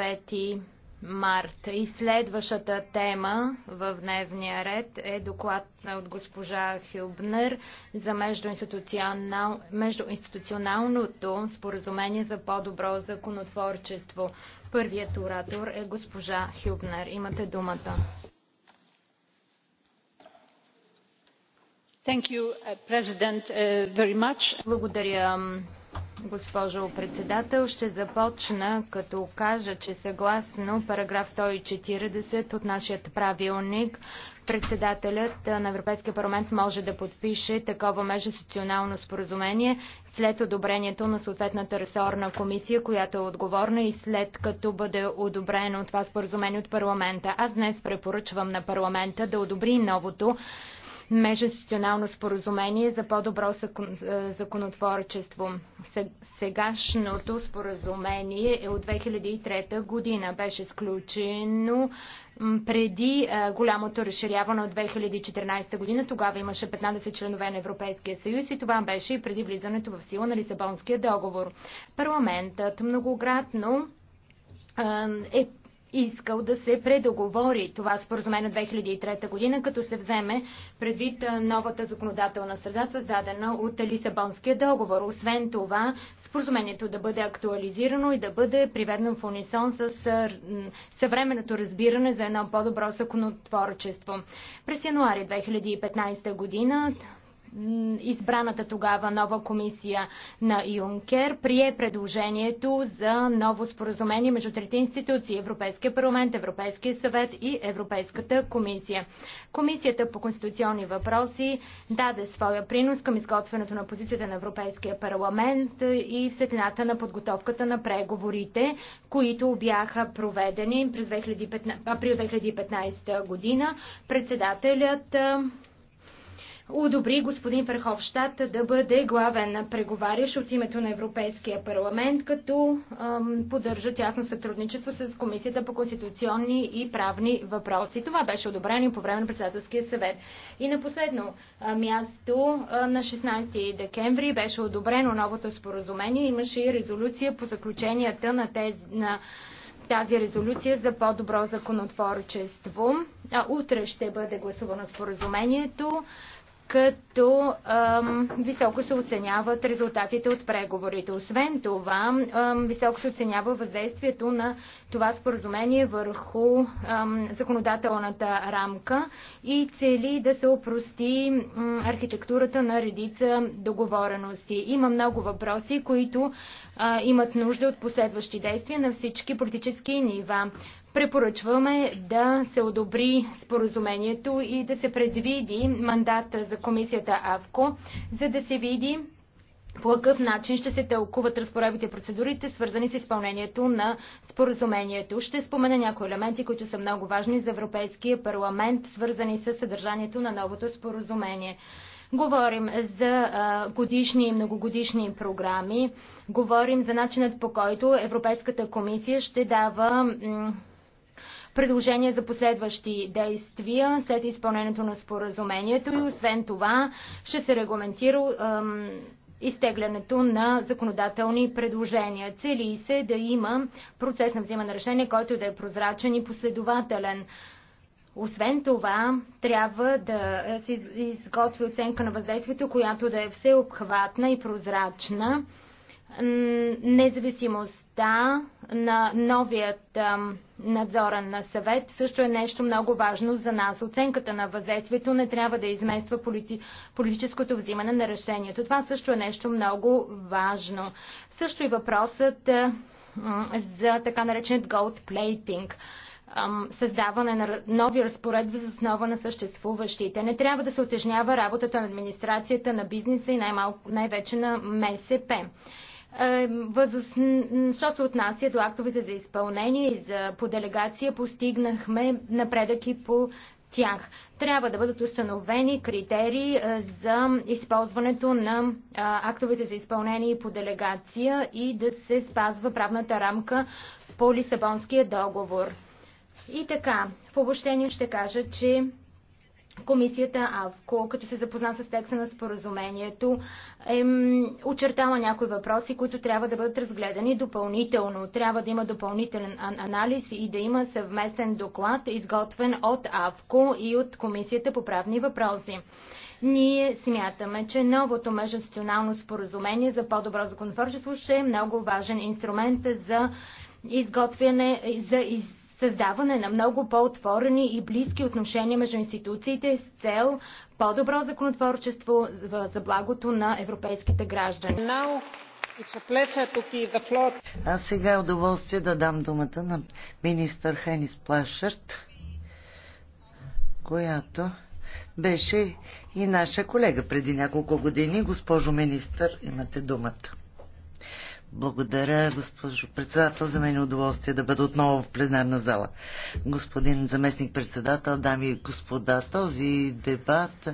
5 март. И следващата тема в дневния ред е доклад от госпожа Хюбнер за междуинституционалното споразумение за по-добро законотворчество. Първият оратор е госпожа Хюбнер. Имате думата. Uh, uh, Благодаря, Госпожо председател, ще започна като кажа, че съгласно параграф 140 от нашия правилник, председателят на Европейския парламент може да подпише такова междусоционално споразумение след одобрението на съответната ресорна комисия, която е отговорна и след като бъде одобрено това споразумение от парламента. Аз днес препоръчвам на парламента да одобри новото междуинституционално споразумение за по-добро е, законотворчество. Сегашното споразумение е от 2003 година. Беше сключено преди е, голямото разширяване от 2014 година. Тогава имаше 15 членове на Европейския съюз и това беше и преди влизането в сила на Лисабонския договор. Парламентът многократно е, е искал да се предоговори това споразумение от 2003 година, като се вземе предвид новата законодателна среда, създадена от Лисабонския договор. Освен това, споразумението да бъде актуализирано и да бъде приведено в унисон с съвременното разбиране за едно по-добро законотворчество. През януари 2015 година избраната тогава нова комисия на Юнкер прие предложението за ново споразумение между трите институции Европейския парламент, Европейския съвет и Европейската комисия. Комисията по конституционни въпроси даде своя принос към изготвянето на позицията на Европейския парламент и в сетената на подготовката на преговорите, които бяха проведени през 2015, април 2015 година. Председателят одобри господин Ферховщад да бъде главен преговарящ от името на Европейския парламент, като ем, поддържа тясно сътрудничество с Комисията по конституционни и правни въпроси. Това беше одобрено и по време на председателския съвет. И на последно място на 16 декември беше одобрено новото споразумение. Имаше и резолюция по заключенията на тези на тази резолюция за по-добро законотворчество. А утре ще бъде гласувано споразумението като ам, високо се оценяват резултатите от преговорите. Освен това, ам, високо се оценява въздействието на това споразумение върху ам, законодателната рамка и цели да се опрости ам, архитектурата на редица договорености. Има много въпроси, които а, имат нужда от последващи действия на всички политически нива. Препоръчваме да се одобри споразумението и да се предвиди мандата за комисията АВКО, за да се види по какъв начин ще се тълкуват разпоредбите и процедурите, свързани с изпълнението на споразумението. Ще спомена някои елементи, които са много важни за Европейския парламент, свързани с съдържанието на новото споразумение. Говорим за годишни и многогодишни програми, говорим за начинът по който Европейската комисия ще дава предложения за последващи действия след изпълнението на споразумението и освен това ще се регламентира изтеглянето на законодателни предложения. Цели се да има процес на взимане на решение, който да е прозрачен и последователен. Освен това, трябва да се изготви оценка на въздействието, която да е всеобхватна и прозрачна. Независимост дейността на новият надзорен на съвет също е нещо много важно за нас. Оценката на въздействието не трябва да измества полити... политическото взимане на решението. Това също е нещо много важно. Също и въпросът за така нареченият gold plating създаване на нови разпоредби за основа на съществуващите. Не трябва да се отежнява работата на администрацията, на бизнеса и най-вече най на МСП. Е, що се отнася до актовете за изпълнение и за по делегация, постигнахме напредък и по тях. Трябва да бъдат установени критерии е, за използването на актовете за изпълнение и по делегация и да се спазва правната рамка по Лисабонския договор. И така, в обобщение ще кажа, че Комисията АВКО, като се запозна с текста на споразумението, е очертала някои въпроси, които трябва да бъдат разгледани допълнително. Трябва да има допълнителен анализ и да има съвместен доклад, изготвен от АВКО и от Комисията по правни въпроси. Ние смятаме, че новото межнационално споразумение за по-добро законотворчество ще е много важен инструмент за изготвяне, за из създаване на много по-отворени и близки отношения между институциите с цел по-добро законотворчество за благото на европейските граждани. А сега е удоволствие да дам думата на министър Хенис Плашърт, която беше и наша колега преди няколко години. Госпожо министър, имате думата. Благодаря, госпожо председател. За мен е удоволствие да бъда отново в пленарна зала. Господин заместник председател, дами и господа, този дебат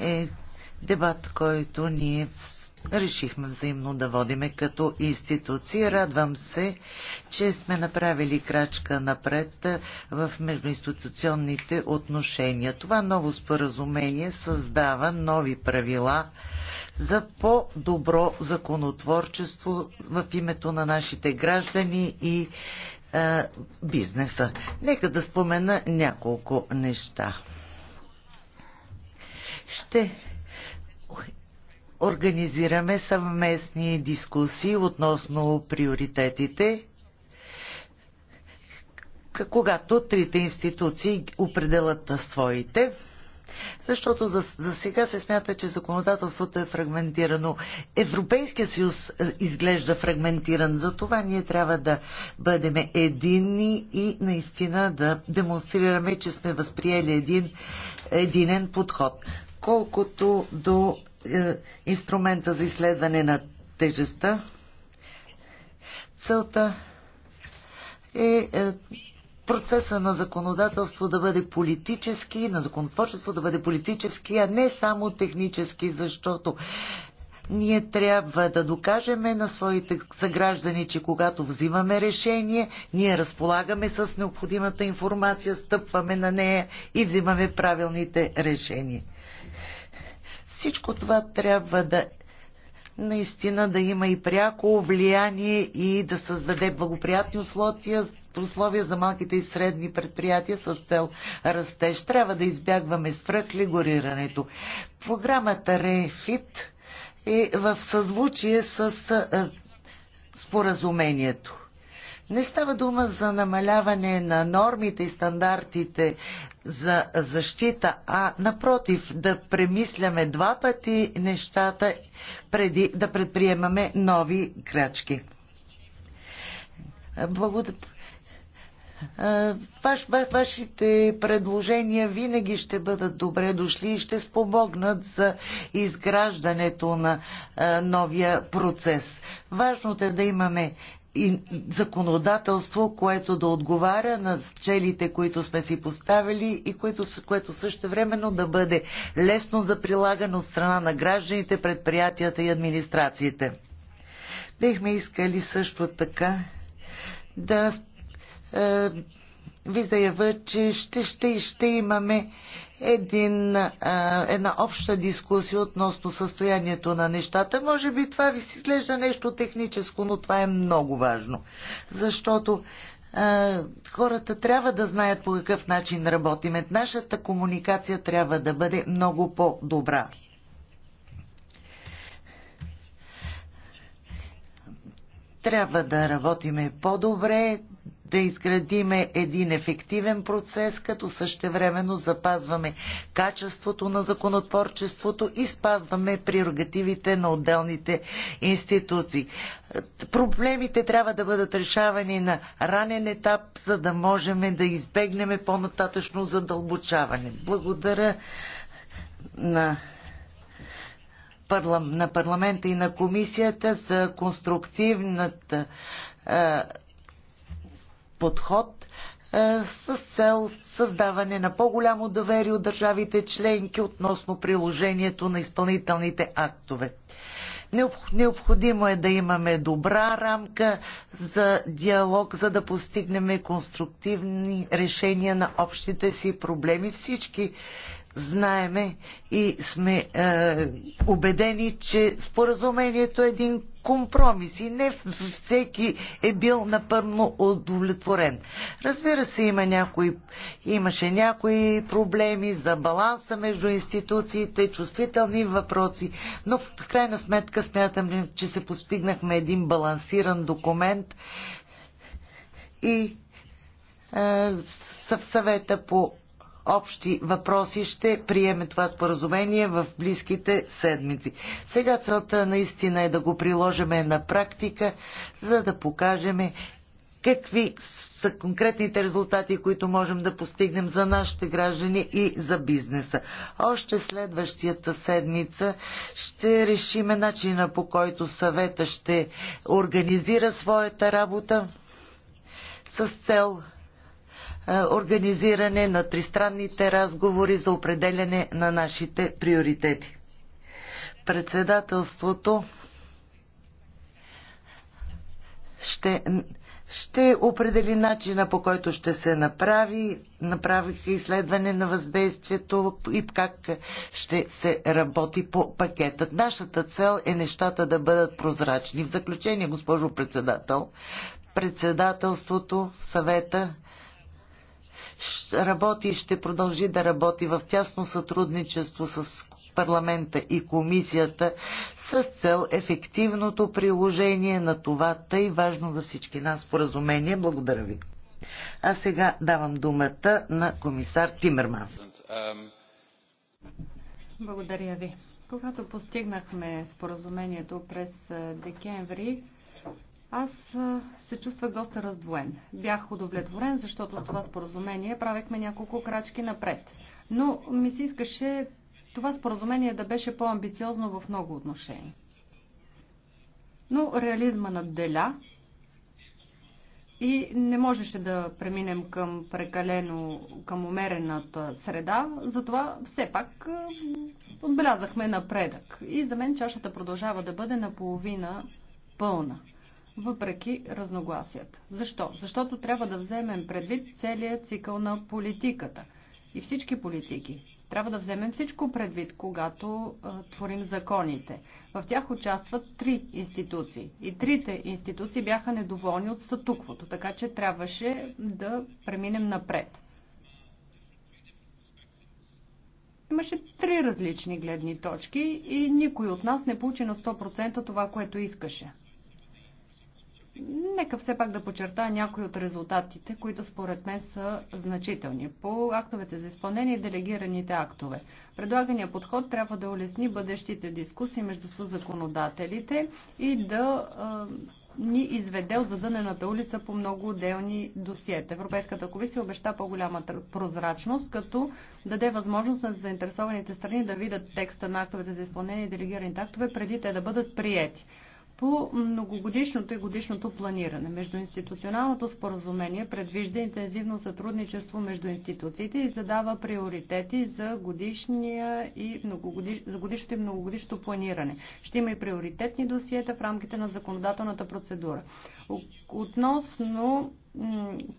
е дебат, който ние решихме взаимно да водиме като институции. Радвам се, че сме направили крачка напред в междуинституционните отношения. Това ново споразумение създава нови правила за по-добро законотворчество в името на нашите граждани и е, бизнеса. Нека да спомена няколко неща. Ще организираме съвместни дискусии относно приоритетите, когато трите институции определят своите. Защото за, за сега се смята, че законодателството е фрагментирано. Европейския съюз е, изглежда фрагментиран. Затова ние трябва да бъдем единни и наистина да демонстрираме, че сме възприели един единен подход. Колкото до е, инструмента за изследване на тежестта. Целта е, е процеса на законодателство да бъде политически, на законотворчество да бъде политически, а не само технически, защото ние трябва да докажеме на своите съграждани, че когато взимаме решение, ние разполагаме с необходимата информация, стъпваме на нея и взимаме правилните решения. Всичко това трябва да наистина да има и пряко влияние и да създаде благоприятни условия, условия за малките и средни предприятия с цел растеж. Трябва да избягваме свръхлигорирането. Програмата РЕФИТ е в съзвучие с е, споразумението. Не става дума за намаляване на нормите и стандартите за защита, а напротив да премисляме два пъти нещата преди да предприемаме нови крачки. Благодаря. Ваш, вашите предложения винаги ще бъдат добре дошли и ще спомогнат за изграждането на новия процес. Важното е да имаме и законодателство, което да отговаря на целите, които сме си поставили и което, което същевременно да бъде лесно за прилагане от страна на гражданите, предприятията и администрациите. Бихме искали също така да е, ви заявя, че ще, ще, ще имаме един, а, една обща дискусия относно състоянието на нещата. Може би това ви си изглежда нещо техническо, но това е много важно. Защото а, хората трябва да знаят по какъв начин работим. Нашата комуникация трябва да бъде много по-добра. Трябва да работиме по-добре, да изградиме един ефективен процес, като същевременно запазваме качеството на законотворчеството и спазваме прерогативите на отделните институции. Проблемите трябва да бъдат решавани на ранен етап, за да можем да избегнем по-нататъчно задълбочаване. Благодаря на на парламента и на комисията за конструктивната подход е, с цел създаване на по-голямо доверие от държавите членки относно приложението на изпълнителните актове. Необходимо е да имаме добра рамка за диалог, за да постигнем конструктивни решения на общите си проблеми. Всички знаеме и сме е, убедени, че споразумението е един компромис и не всеки е бил напълно удовлетворен. Разбира се, има някои, имаше някои проблеми за баланса между институциите, чувствителни въпроси, но в крайна сметка смятам, че се постигнахме един балансиран документ и е, съвета по общи въпроси ще приеме това споразумение в близките седмици. Сега целта наистина е да го приложиме на практика, за да покажем какви са конкретните резултати, които можем да постигнем за нашите граждани и за бизнеса. Още следващата седмица ще решиме начина по който съвета ще организира своята работа с цел е, организиране на тристранните разговори за определяне на нашите приоритети. Председателството ще, ще определи начина по който ще се направи, направи се изследване на въздействието и как ще се работи по пакетът. Нашата цел е нещата да бъдат прозрачни. В заключение, госпожо председател, председателството, съвета работи и ще продължи да работи в тясно сътрудничество с парламента и комисията с цел ефективното приложение на това тъй важно за всички нас споразумение. Благодаря ви. А сега давам думата на комисар Тимерманс. Благодаря ви. Когато постигнахме споразумението през декември, аз се чувствах доста раздвоен. Бях удовлетворен, защото това споразумение правихме няколко крачки напред. Но ми се искаше това споразумение да беше по-амбициозно в много отношения. Но реализма надделя и не можеше да преминем към прекалено, към умерената среда, затова все пак отбелязахме напредък. И за мен чашата продължава да бъде наполовина пълна въпреки разногласията. Защо? Защото трябва да вземем предвид целият цикъл на политиката и всички политики. Трябва да вземем всичко предвид, когато а, творим законите. В тях участват три институции. И трите институции бяха недоволни от статуквото, така че трябваше да преминем напред. Имаше три различни гледни точки и никой от нас не получи на 100% това, което искаше. Нека все пак да подчертая някои от резултатите, които според мен са значителни. По актовете за изпълнение и делегираните актове. Предлагания подход трябва да улесни бъдещите дискусии между съзаконодателите и да а, ни изведе от задънената улица по много отделни досиета. Европейската комисия обеща по-голяма прозрачност, като даде възможност на заинтересованите страни да видят текста на актовете за изпълнение и делегираните актове преди те да бъдат приети по многогодишното и годишното планиране. Междуинституционалното споразумение предвижда интензивно сътрудничество между институциите и задава приоритети за, годишния и многогодиш... за годишното и многогодишното планиране. Ще има и приоритетни досиета в рамките на законодателната процедура. Относно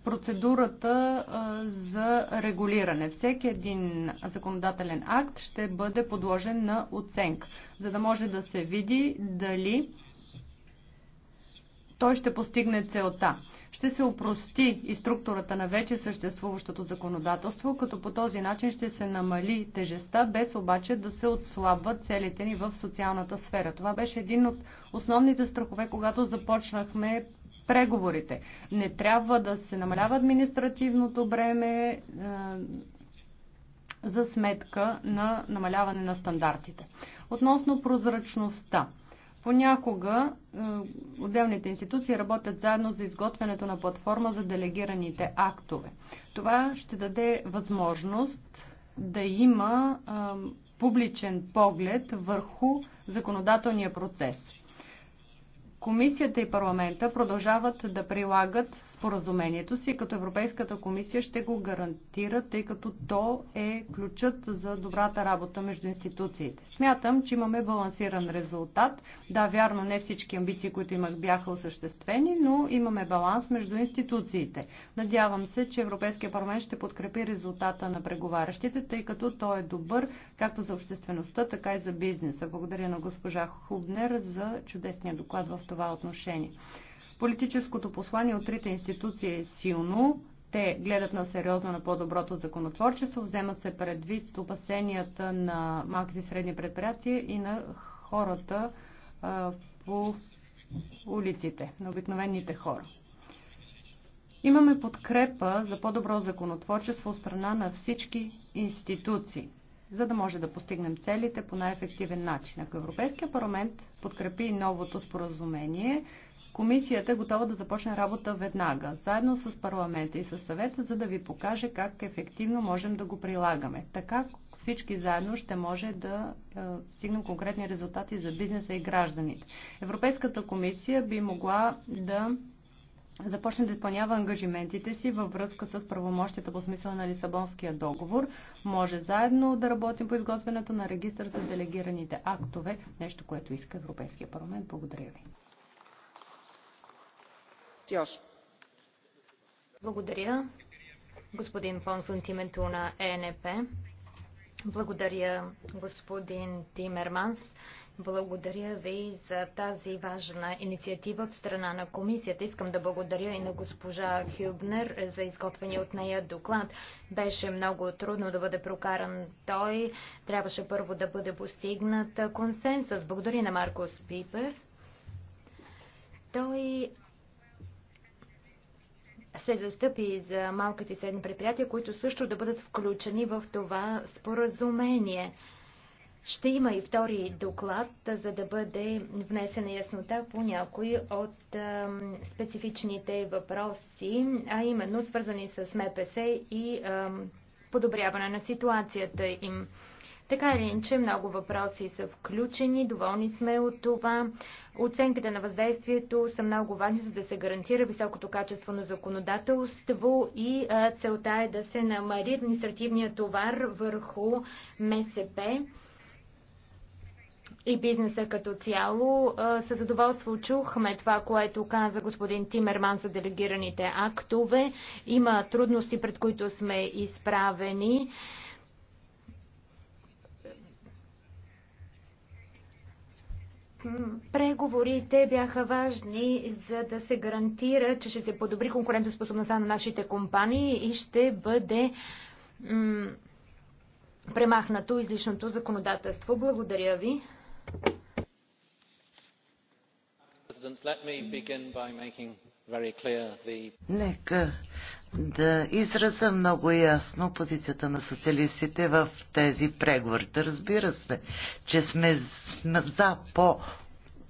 процедурата за регулиране. Всеки един законодателен акт ще бъде подложен на оценка, за да може да се види дали той ще постигне целта. Ще се опрости и структурата на вече съществуващото законодателство, като по този начин ще се намали тежестта, без обаче да се отслабват целите ни в социалната сфера. Това беше един от основните страхове, когато започнахме преговорите. Не трябва да се намалява административното бреме е, за сметка на намаляване на стандартите. Относно прозрачността. Понякога е, отделните институции работят заедно за изготвянето на платформа за делегираните актове. Това ще даде възможност да има публичен поглед върху законодателния процес. Комисията и парламента продължават да прилагат споразумението си, като Европейската комисия ще го гарантира, тъй като то е ключът за добрата работа между институциите. Смятам, че имаме балансиран резултат. Да, вярно, не всички амбиции, които имах, бяха осъществени, но имаме баланс между институциите. Надявам се, че Европейския парламент ще подкрепи резултата на преговарящите, тъй като той е добър както за обществеността, така и за бизнеса. Благодаря на госпожа Хубнер за чудесния доклад в това това отношение. Политическото послание от трите институции е силно. Те гледат на сериозно на по-доброто законотворчество, вземат се предвид опасенията на малките и средни предприятия и на хората а, по улиците, на обикновените хора. Имаме подкрепа за по-добро законотворчество от страна на всички институции за да може да постигнем целите по най-ефективен начин. Ако Европейския парламент подкрепи новото споразумение, комисията е готова да започне работа веднага, заедно с парламента и с съвета, за да ви покаже как ефективно можем да го прилагаме. Така всички заедно ще може да е, стигнем конкретни резултати за бизнеса и гражданите. Европейската комисия би могла да започне да изпълнява ангажиментите си във връзка с правомощията по смисъла на Лисабонския договор. Може заедно да работим по изготвянето на регистър за делегираните актове, нещо, което иска Европейския парламент. Благодаря ви. Благодаря. Господин Фон Сантименту на е ЕНП. Благодаря, господин Тимерманс. Благодаря ви за тази важна инициатива от страна на комисията. Искам да благодаря и на госпожа Хюбнер за изготвения от нея доклад. Беше много трудно да бъде прокаран той. Трябваше първо да бъде постигнат консенсус. Благодаря на Маркус Пипер. Той се застъпи за малките и средни предприятия, които също да бъдат включени в това споразумение. Ще има и втори доклад, за да бъде внесена яснота по някои от специфичните въпроси, а именно свързани с МПС и подобряване на ситуацията им. Така или иначе, много въпроси са включени, доволни сме от това. Оценките на въздействието са много важни, за да се гарантира високото качество на законодателство и целта е да се намали административния товар върху МСП и бизнеса като цяло. Със задоволство чухме това, което каза господин Тимерман за делегираните актове. Има трудности, пред които сме изправени. Преговорите бяха важни, за да се гарантира, че ще се подобри конкурентоспособността на нашите компании и ще бъде премахнато излишното законодателство. Благодаря ви. Нека да израза много ясно позицията на социалистите в тези Да Разбира се, че сме, сме за по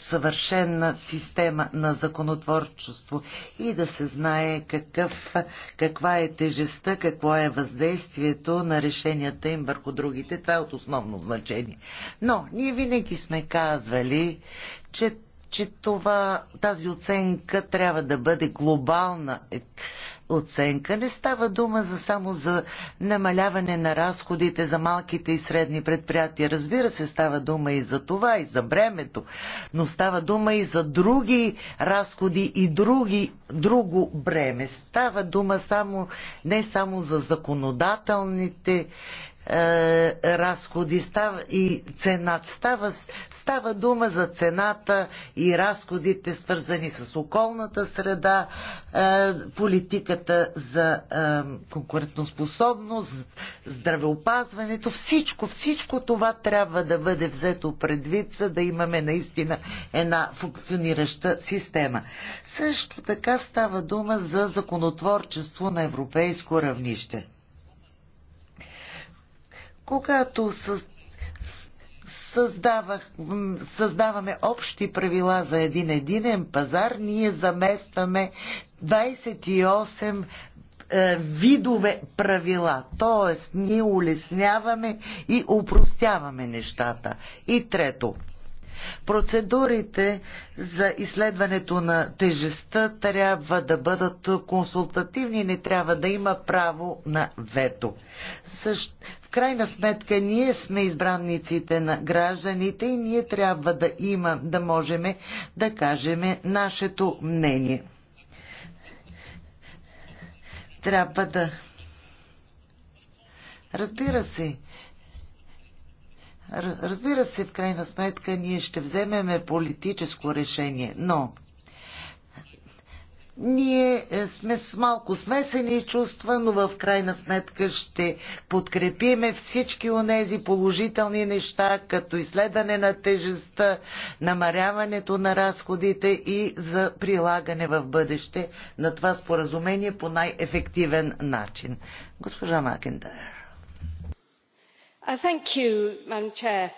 съвършена система на законотворчество и да се знае какъв, каква е тежестта, какво е въздействието на решенията им върху другите. Това е от основно значение. Но ние винаги сме казвали, че че това, тази оценка трябва да бъде глобална е, оценка. Не става дума за само за намаляване на разходите за малките и средни предприятия. Разбира се, става дума и за това, и за бремето, но става дума и за други разходи и други, друго бреме. Става дума само, не само за законодателните е, разходи става и цена. Става, Става дума за цената и разходите, свързани с околната среда, е, политиката за е, конкурентоспособност, здравеопазването. Всичко, всичко това трябва да бъде взето предвид, за да имаме наистина една функционираща система. Също така става дума за законотворчество на европейско равнище. Когато с създавах, създаваме общи правила за един единен пазар, ние заместваме 28 е, видове правила. Тоест, ние улесняваме и упростяваме нещата. И трето, Процедурите за изследването на тежестта трябва да бъдат консултативни, не трябва да има право на вето крайна сметка ние сме избранниците на гражданите и ние трябва да има, да можем да кажем нашето мнение. Трябва да. Разбира се, Разбира се, в крайна сметка ние ще вземеме политическо решение, но ние е, сме с малко смесени чувства, но в крайна сметка ще подкрепиме всички онези положителни неща, като изследване на тежестта, намаряването на разходите и за прилагане в бъдеще на това споразумение по най-ефективен начин. Госпожа Макентайр. Uh,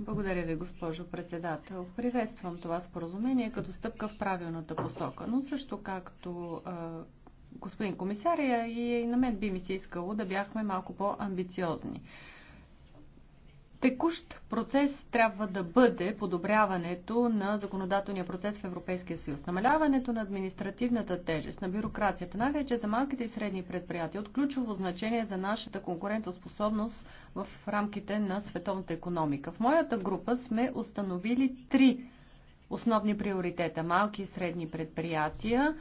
благодаря ви, госпожо председател. Приветствам това споразумение като стъпка в правилната посока, но също както господин комисария и на мен би ми се искало да бяхме малко по-амбициозни. Текущ процес трябва да бъде подобряването на законодателния процес в Европейския съюз, намаляването на административната тежест, на бюрокрацията, най-вече за малките и средни предприятия, е от ключово значение за нашата конкурентоспособност в рамките на световната економика. В моята група сме установили три основни приоритета. Малки и средни предприятия,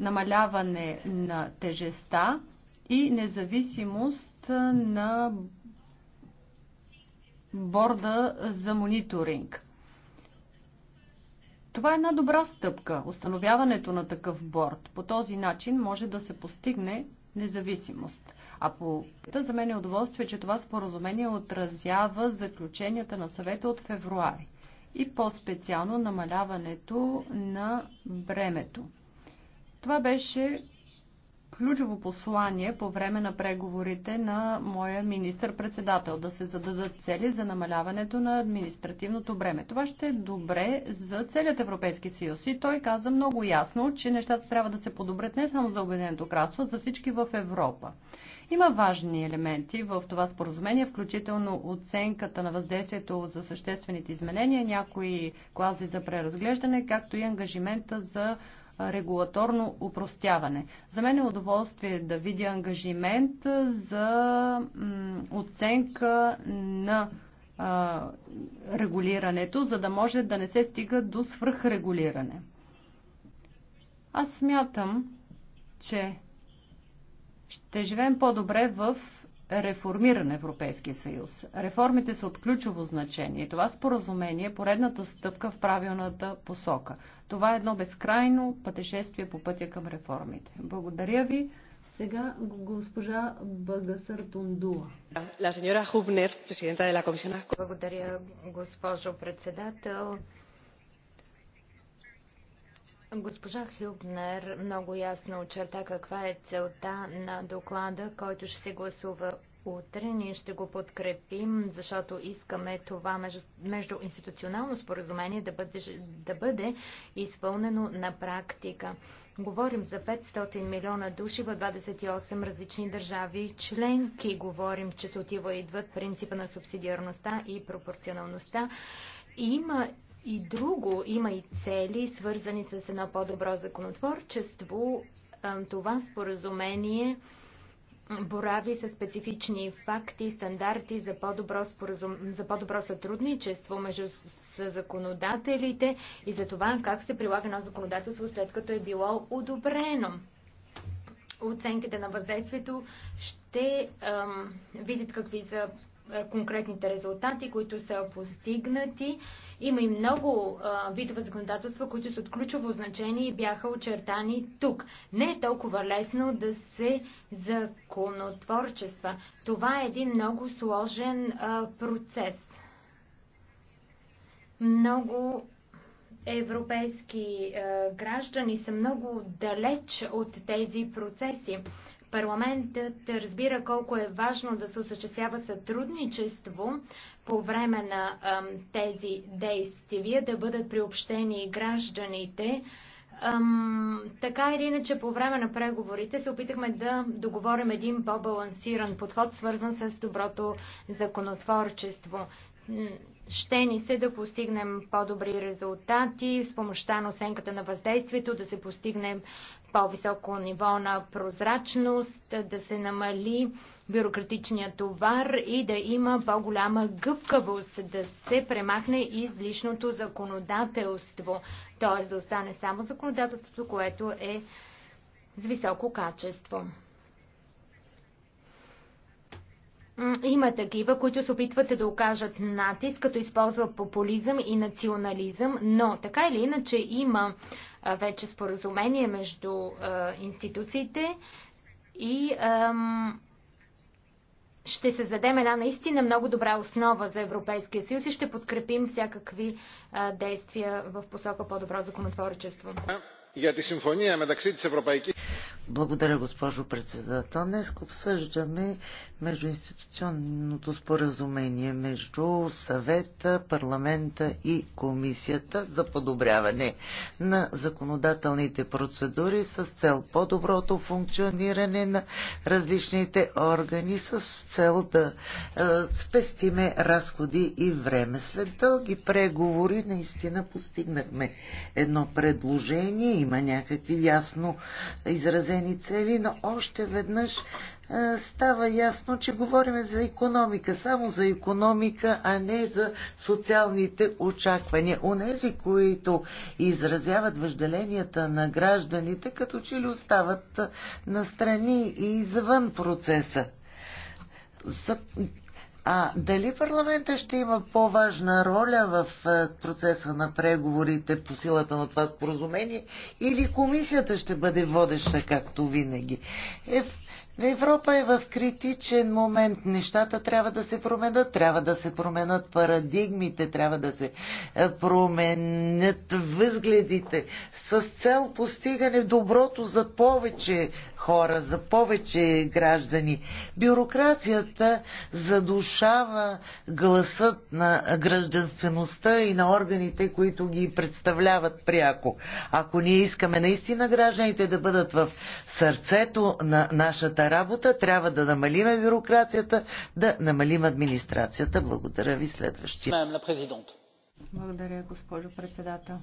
намаляване на тежеста и независимост на борда за мониторинг. Това е една добра стъпка, установяването на такъв борд. По този начин може да се постигне независимост. А по за мен е удоволствие, че това споразумение отразява заключенията на съвета от февруари и по-специално намаляването на бремето. Това беше ключово послание по време на преговорите на моя министр-председател да се зададат цели за намаляването на административното бреме. Това ще е добре за целият Европейски съюз. И той каза много ясно, че нещата трябва да се подобрят не само за Обединеното кралство, за всички в Европа. Има важни елементи в това споразумение, включително оценката на въздействието за съществените изменения, някои клази за преразглеждане, както и ангажимента за регулаторно упростяване. За мен е удоволствие да видя ангажимент за оценка на регулирането, за да може да не се стига до свръхрегулиране. Аз смятам, че ще живеем по-добре в Реформиран Европейския съюз. Реформите са от ключово значение. Това споразумение е поредната стъпка в правилната посока. Това е едно безкрайно пътешествие по пътя към реформите. Благодаря ви. Сега госпожа Багасър Тундула. Благодаря, госпожо председател. Госпожа Хилбнер много ясно очерта каква е целта на доклада, който ще се гласува утре. Ние ще го подкрепим, защото искаме това между, междуинституционално споразумение да бъде, да бъде изпълнено на практика. Говорим за 500 милиона души в 28 различни държави членки. Говорим, че се отива идват принципа на субсидиарността и пропорционалността. И има и друго, има и цели, свързани с едно по-добро законотворчество. Това споразумение борави с специфични факти стандарти за по-добро, споразум... за по-добро сътрудничество между с законодателите и за това как се прилага на законодателство след като е било одобрено. Оценките на въздействието ще ам, видят какви са е, конкретните резултати, които са постигнати. Има и много е, видове законодателства, които са от ключово значение и бяха очертани тук. Не е толкова лесно да се законотворчества. Това е един много сложен а, е, процес. Много европейски а, граждани са много далеч от тези процеси. Парламентът разбира колко е важно да се осъществява сътрудничество по време на ам, тези действия, да бъдат приобщени гражданите. Ам, така или иначе, по време на преговорите се опитахме да договорим един по-балансиран подход, свързан с доброто законотворчество. Ще ни се да постигнем по-добри резултати с помощта на оценката на въздействието, да се постигне по-високо ниво на прозрачност, да се намали бюрократичния товар и да има по-голяма гъвкавост, да се премахне излишното законодателство, т.е. да остане само законодателството, което е с високо качество. Има такива, които се опитват да окажат натиск, като използва популизъм и национализъм, но така или иначе има вече споразумение между институциите и ще създадем една наистина много добра основа за Европейския съюз и ще подкрепим всякакви действия в посока по-добро законотворчество για τη συμφωνία μεταξύ της Ευρωπαϊκής... Благодаря, госпожо председател. Днес обсъждаме междуинституционното споразумение между съвета, парламента и комисията за подобряване на законодателните процедури с цел по-доброто функциониране на различните органи с цел да е, спестиме разходи и време. След дълги преговори наистина постигнахме едно предложение има някакви ясно изразени цели, но още веднъж е, става ясно, че говорим за економика, само за економика, а не за социалните очаквания. Онези, които изразяват въжделенията на гражданите, като че ли остават е, настрани и извън процеса. За, а дали парламента ще има по-важна роля в е, процеса на преговорите по силата на това споразумение или комисията ще бъде водеща, както винаги? Ев... Европа е в критичен момент. Нещата трябва да се променят, трябва да се променят парадигмите, трябва да се е, променят възгледите с цел постигане доброто за повече хора, за повече граждани. Бюрокрацията задушава гласът на гражданствеността и на органите, които ги представляват пряко. Ако ние искаме наистина гражданите да бъдат в сърцето на нашата работа, трябва да намалиме бюрокрацията, да намалим администрацията. Благодаря ви следващия. Благодаря, госпожо председател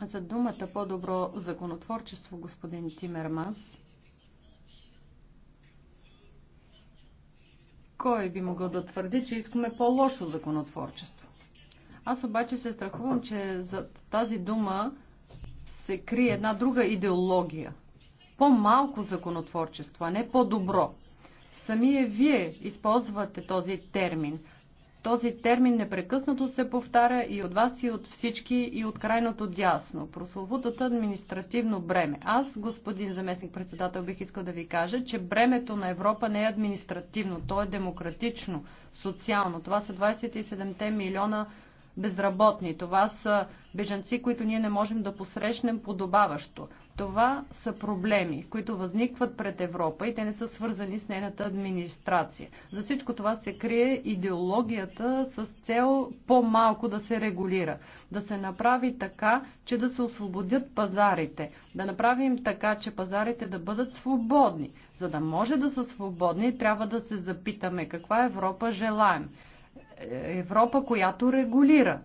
за думата по-добро законотворчество, господин Тимерманс. Кой би могъл да твърди, че искаме по-лошо законотворчество? Аз обаче се страхувам, че за тази дума се крие една друга идеология. По-малко законотворчество, а не по-добро. Самие вие използвате този термин – този термин непрекъснато се повтаря и от вас, и от всички, и от крайното дясно. Прословутата административно бреме. Аз, господин заместник председател, бих искал да ви кажа, че бремето на Европа не е административно, то е демократично, социално. Това са 27 милиона безработни. Това са беженци, които ние не можем да посрещнем подобаващо. Това са проблеми, които възникват пред Европа и те не са свързани с нейната администрация. За всичко това се крие идеологията с цел по-малко да се регулира, да се направи така, че да се освободят пазарите, да направим така, че пазарите да бъдат свободни. За да може да са свободни, трябва да се запитаме каква Европа желаем. Е, Европа, която регулира,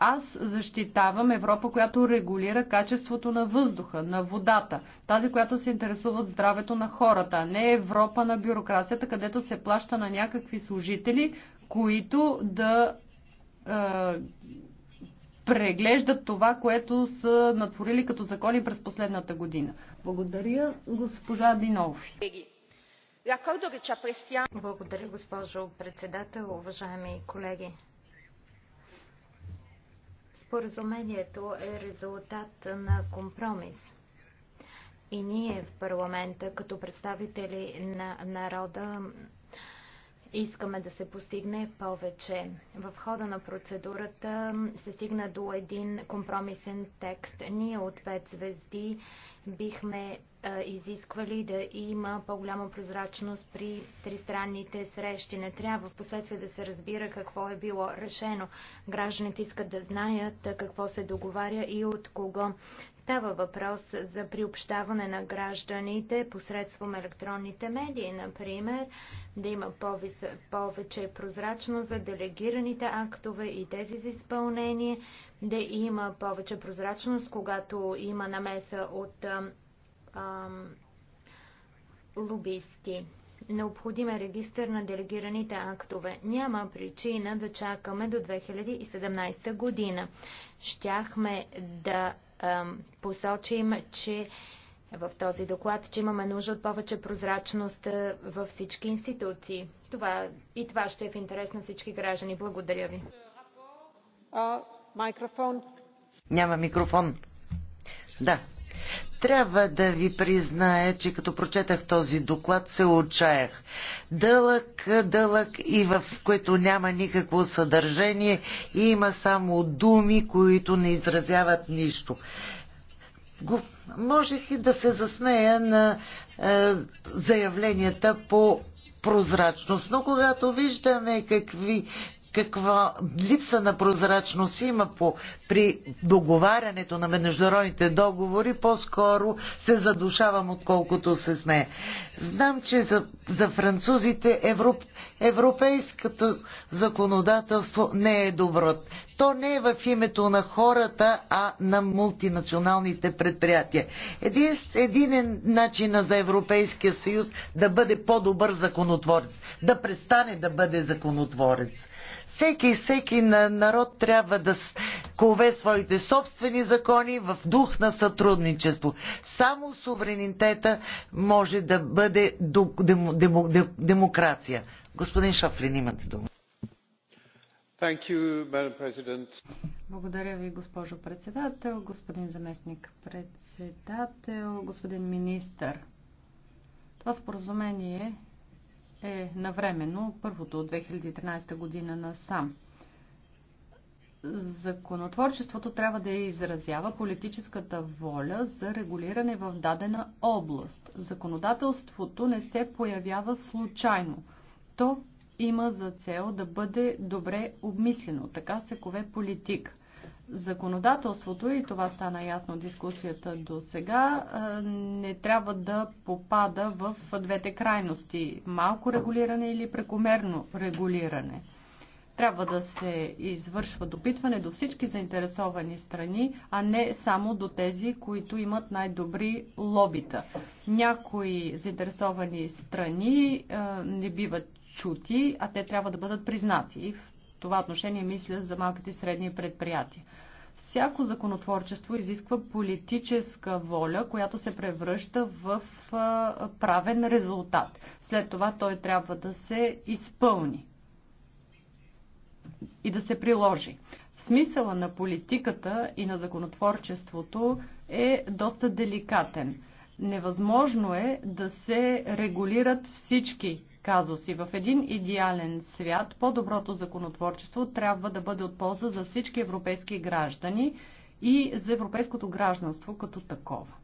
аз защитавам Европа, която регулира качеството на въздуха, на водата, тази, която се интересува от здравето на хората, а не Европа на бюрокрацията, където се плаща на някакви служители, които да е, преглеждат това, което са натворили като закони през последната година. Благодаря, госпожа Динови. Благодаря, госпожо председател, уважаеми колеги. Споразумението е резултат на компромис. И ние в парламента, като представители на народа, искаме да се постигне повече. В хода на процедурата се стигна до един компромисен текст. Ние от 5 звезди бихме е, изисквали да има по-голяма прозрачност при тристранните срещи. Не трябва в последствие да се разбира какво е било решено. Гражданите искат да знаят какво се договаря и от кого. Става въпрос за приобщаване на гражданите посредством електронните медии, например, да има повече прозрачност за делегираните актове и тези за изпълнение, да има повече прозрачност, когато има намеса от лобисти. Необходим е регистър на делегираните актове. Няма причина да чакаме до 2017 година. Щяхме да ам, посочим, че в този доклад, че имаме нужда от повече прозрачност във всички институции. Това, и това ще е в интерес на всички граждани. Благодаря ви. А, микрофон. Няма микрофон. Да, трябва да ви призная, че като прочетах този доклад се отчаях. Дълъг, дълъг и в което няма никакво съдържание и има само думи, които не изразяват нищо. Го, можех и да се засмея на е, заявленията по прозрачност. Но когато виждаме какви каква липса на прозрачност има по, при договарянето на международните договори, по-скоро се задушавам, отколкото се сме. Знам, че за, за французите европ, европейското законодателство не е добро то не е в името на хората, а на мултинационалните предприятия. Един, един е начин за Европейския съюз да бъде по-добър законотворец, да престане да бъде законотворец. Всеки, всеки народ трябва да кове своите собствени закони в дух на сътрудничество. Само суверенитета може да бъде демокрация. Господин Шафлин, имате дума. Благодаря ви, госпожо председател, господин заместник председател, господин министър. Това споразумение е навременно, първото от 2013 година на сам. Законотворчеството трябва да изразява политическата воля за регулиране в дадена област. Законодателството не се появява случайно. То има за цел да бъде добре обмислено. Така се кове политик. Законодателството, и това стана ясно от дискусията до сега, не трябва да попада в двете крайности малко регулиране или прекомерно регулиране трябва да се извършва допитване до всички заинтересовани страни, а не само до тези, които имат най-добри лобита. Някои заинтересовани страни не биват чути, а те трябва да бъдат признати. И в това отношение мисля за малките и средни предприятия. Всяко законотворчество изисква политическа воля, която се превръща в правен резултат. След това той трябва да се изпълни и да се приложи. Смисъла на политиката и на законотворчеството е доста деликатен. Невъзможно е да се регулират всички казуси. В един идеален свят по-доброто законотворчество трябва да бъде от полза за всички европейски граждани и за европейското гражданство като такова.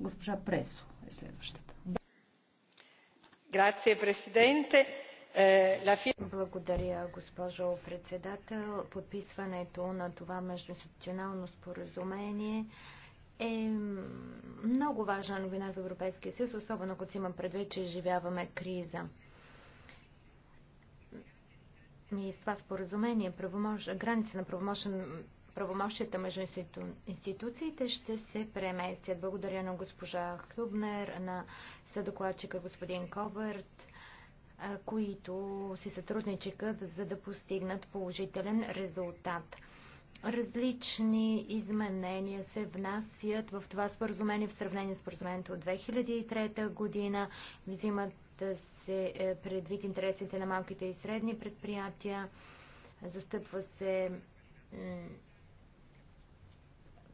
Госпожа Пресо е следващата. Грация, президенте. Е, Благодаря, госпожо председател. Подписването на това междуинституционално споразумение е много важна новина за Европейския съюз, особено ако си имам предвид, че изживяваме криза. И с това споразумение, правомож... граница на правомощен правомощията между институ... институциите ще се преместят. Благодаря на госпожа Хюбнер, на съдокладчика господин Ковърт, които си сътрудничиха, за да постигнат положителен резултат. Различни изменения се внасят в това споразумение в сравнение с споразумението от 2003 година. Взимат се е, предвид интересите на малките и средни предприятия. Застъпва се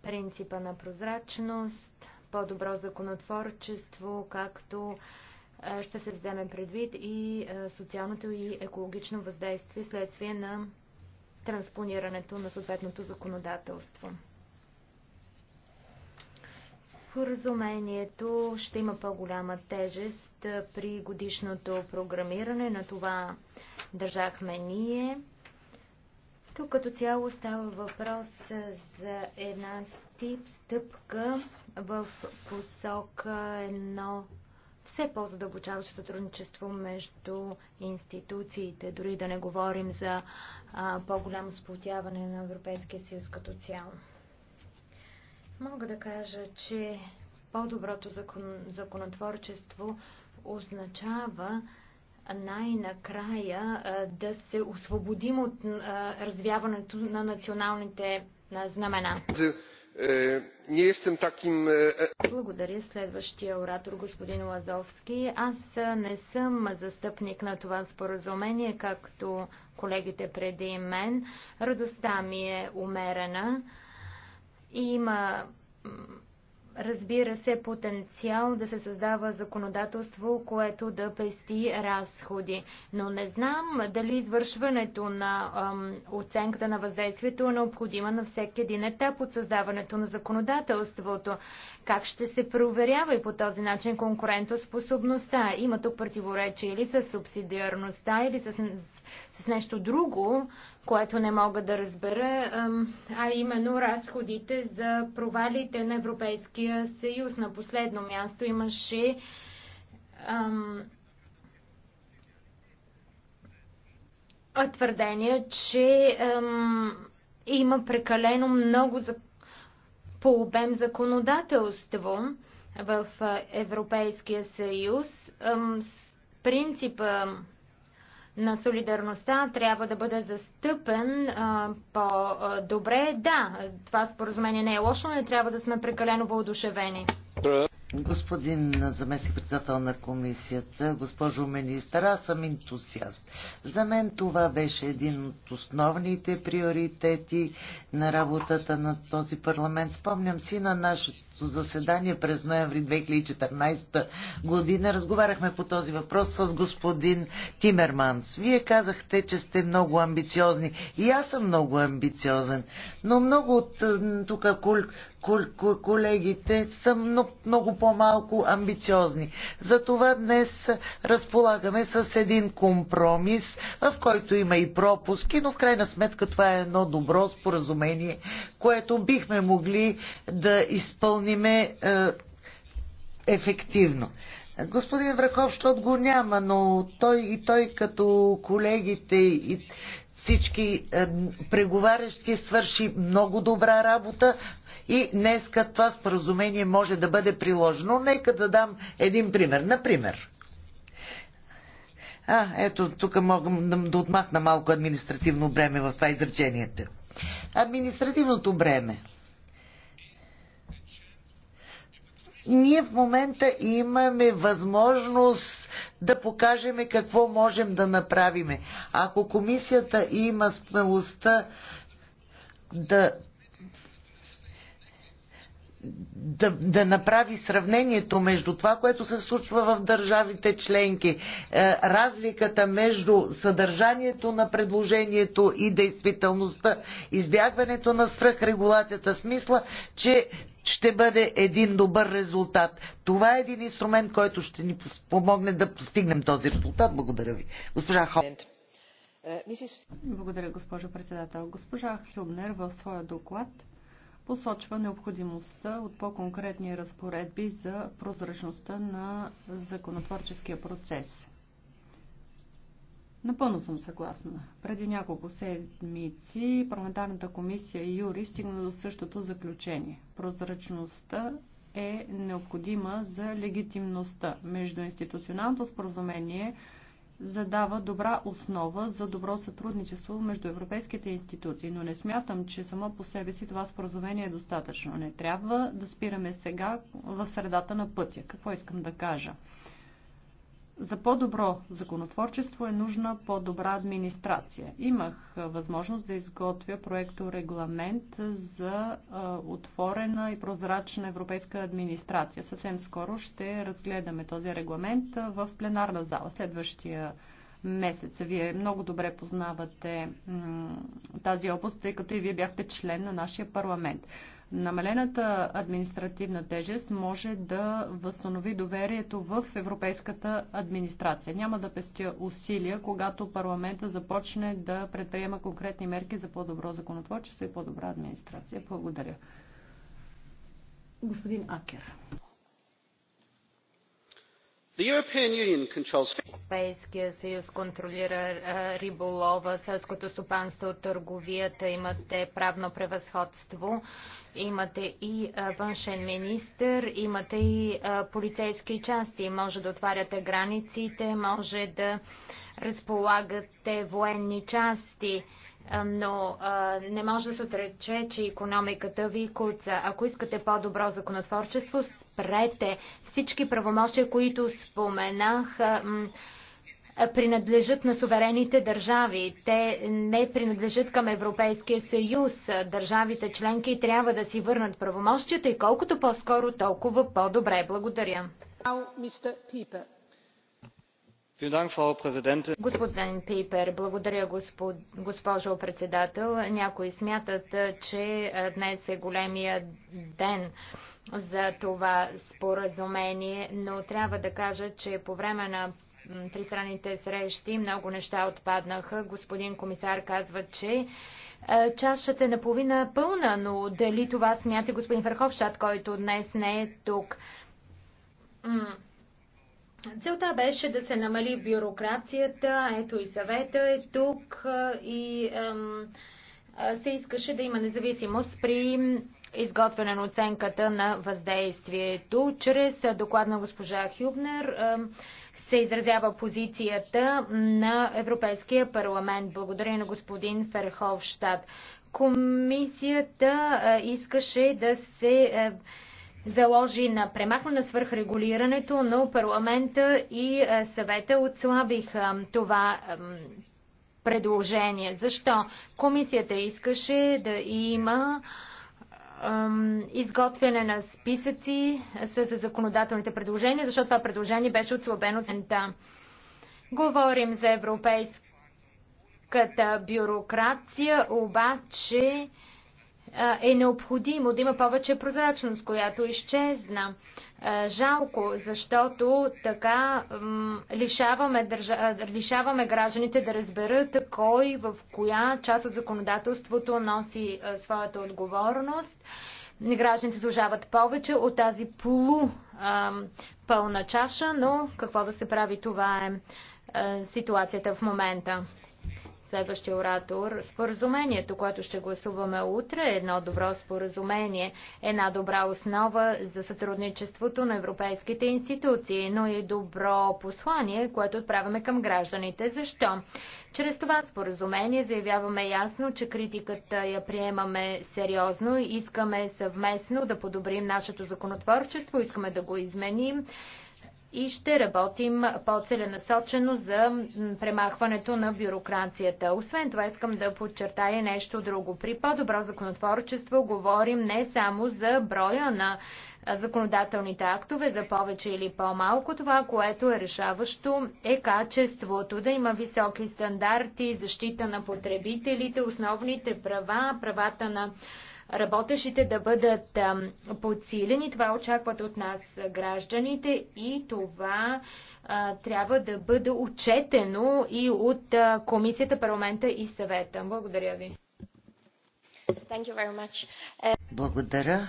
принципа на прозрачност, по-добро законотворчество, както е, ще се вземе предвид и е, социалното и екологично въздействие следствие на транспонирането на съответното законодателство. Споразумението ще има по-голяма тежест при годишното програмиране. На това държахме ние. Тук като цяло става въпрос за една стип стъпка в посока едно все по-задълбочаващо сътрудничество между институциите, дори да не говорим за по-голямо сплотяване на Европейския съюз като цяло. Мога да кажа, че по-доброто закон, законотворчество означава най-накрая да се освободим от развяването на националните знамена. Е, таким... Е, е. Благодаря. Следващия оратор, господин Лазовски. Аз не съм застъпник на това споразумение, както колегите преди мен. Радостта ми е умерена. Има разбира се, потенциал да се създава законодателство, което да пести разходи. Но не знам дали извършването на ам, оценката на въздействието е необходима на всеки един етап от създаването на законодателството. Как ще се проверява и по този начин конкурентоспособността? Има тук противоречие или с субсидиарността, или с с нещо друго, което не мога да разбера, а именно разходите за провалите на Европейския съюз. На последно място имаше ам, твърдение, че ам, има прекалено много за, по обем законодателство в Европейския съюз. Ам, с принципа на солидарността трябва да бъде застъпен по-добре. Да, това споразумение не е лошо, но не трябва да сме прекалено въодушевени. Господин заместник председател на комисията, госпожо министър, аз съм ентусиаст. За мен това беше един от основните приоритети на работата на този парламент. Спомням си на нашето заседание през ноември 2014 година разговаряхме по този въпрос с господин Тимерманс. Вие казахте, че сте много амбициозни и аз съм много амбициозен, но много от тук колегите са много, много по-малко амбициозни. Затова днес разполагаме с един компромис, в който има и пропуски, но в крайна сметка това е едно добро споразумение, което бихме могли да изпълниме е, ефективно. Господин Враков, защото го няма, но той и той като колегите и всички е, преговарящи свърши много добра работа, и днеска това споразумение може да бъде приложено. Нека да дам един пример. Например, а, ето, тук мога да отмахна малко административно бреме в това изречението. Административното бреме. Ние в момента имаме възможност да покажем какво можем да направиме. Ако комисията има смелостта да да, да направи сравнението между това, което се случва в държавите членки, е, разликата между съдържанието на предложението и действителността, избягването на свръхрегулацията, смисла, че ще бъде един добър резултат. Това е един инструмент, който ще ни помогне да постигнем този резултат. Благодаря ви. Госпожа Хо. Е, Благодаря, госпожо председател. Госпожа Хюбнер в своя доклад посочва необходимостта от по-конкретни разпоредби за прозрачността на законотворческия процес. Напълно съм съгласна. Преди няколко седмици парламентарната комисия и Юри стигна до същото заключение. Прозрачността е необходима за легитимността. Междуинституционалното споразумение задава добра основа за добро сътрудничество между европейските институции, но не смятам, че само по себе си това споразумение е достатъчно. Не трябва да спираме сега в средата на пътя. Какво искам да кажа? За по-добро законотворчество е нужна по-добра администрация. Имах възможност да изготвя проекто регламент за отворена и прозрачна европейска администрация. Съвсем скоро ще разгледаме този регламент в пленарна зала. Следващия месец. Вие много добре познавате тази област, тъй като и вие бяхте член на нашия парламент. Намалената административна тежест може да възстанови доверието в европейската администрация. Няма да пестя усилия, когато парламента започне да предприема конкретни мерки за по-добро законотворчество и по-добра администрация. Благодаря. Господин Акер. Европейския съюз контролира риболова, селското стопанство, търговията, имате правно превъзходство, имате и външен министр, имате и полицейски части, може да отваряте границите, може да разполагате военни части но а, не може да се отрече, че економиката ви куца. Ако искате по-добро законотворчество, спрете. Всички правомощия, които споменах, принадлежат на суверените държави. Те не принадлежат към Европейския съюз. Държавите членки трябва да си върнат правомощията и колкото по-скоро, толкова по-добре. Благодаря. Господин Пипер, благодаря госпожо председател. Някои смятат, че днес е големия ден за това споразумение, но трябва да кажа, че по време на тристранните срещи много неща отпаднаха. Господин комисар казва, че е, чашата е наполовина пълна, но дали това смята господин Ферховшат, който днес не е тук? Целта беше да се намали бюрокрацията, ето и съвета е тук е, и е, се искаше да има независимост при изготвяне на оценката на въздействието. Чрез доклад на госпожа Хюбнер се изразява позицията на Европейския парламент. Благодаря на господин Ферховштад. Комисията искаше да се заложи на премахване на свърхрегулирането, но парламента и съвета отслабиха това предложение. Защо? Комисията искаше да има изготвяне на списъци с законодателните предложения, защото това предложение беше отслабено цента. Говорим за европейската бюрокрация, обаче е необходимо да има повече прозрачност, която изчезна. Жалко, защото така лишаваме, държа... лишаваме гражданите да разберат кой в коя част от законодателството носи своята отговорност. Гражданите служават повече от тази полу пълна чаша, но какво да се прави, това е ситуацията в момента. Следващия оратор. Споразумението, което ще гласуваме утре, е едно добро споразумение, една добра основа за сътрудничеството на европейските институции, но и добро послание, което отправяме към гражданите. Защо? Чрез това споразумение заявяваме ясно, че критиката я приемаме сериозно и искаме съвместно да подобрим нашето законотворчество, искаме да го изменим и ще работим по-целенасочено за премахването на бюрокрацията. Освен това искам да подчертая нещо друго. При по-добро законотворчество говорим не само за броя на законодателните актове за повече или по-малко. Това, което е решаващо е качеството. Да има високи стандарти, защита на потребителите, основните права, правата на работещите да бъдат подсилени. Това очакват от нас гражданите и това трябва да бъде отчетено и от Комисията, парламента и съвета. Благодаря ви. Благодаря.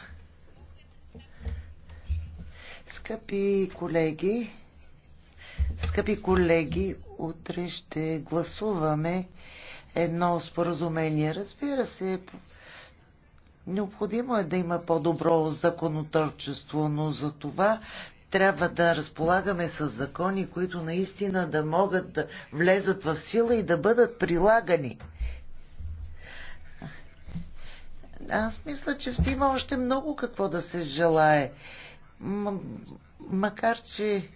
Скъпи колеги, скъпи колеги, утре ще гласуваме едно споразумение. Разбира се, Необходимо е да има по-добро законотърчество, но за това трябва да разполагаме с закони, които наистина да могат да влезат в сила и да бъдат прилагани. Аз мисля, че има още много какво да се желае. Макар, че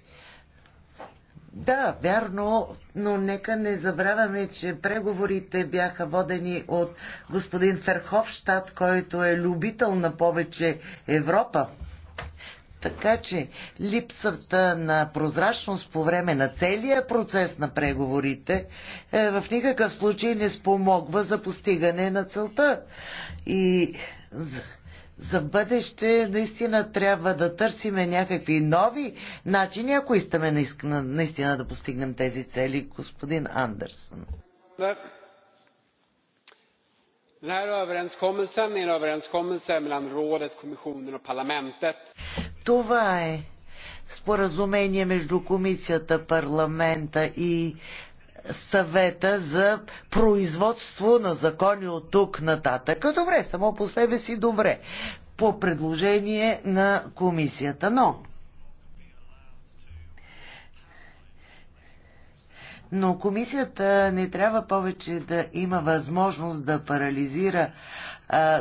да, вярно, но нека не забравяме, че преговорите бяха водени от господин Ферховщад, който е любител на повече Европа. Така че липсата на прозрачност по време на целия процес на преговорите е, в никакъв случай не спомогва за постигане на целта. И за бъдеще наистина трябва да търсиме някакви нови начини, ако искаме наистина да постигнем тези цели, господин Андерсон. Това е споразумение между комисията, парламента и съвета за производство на закони от тук нататък. Добре, само по себе си добре. По предложение на комисията. Но но комисията не трябва повече да има възможност да парализира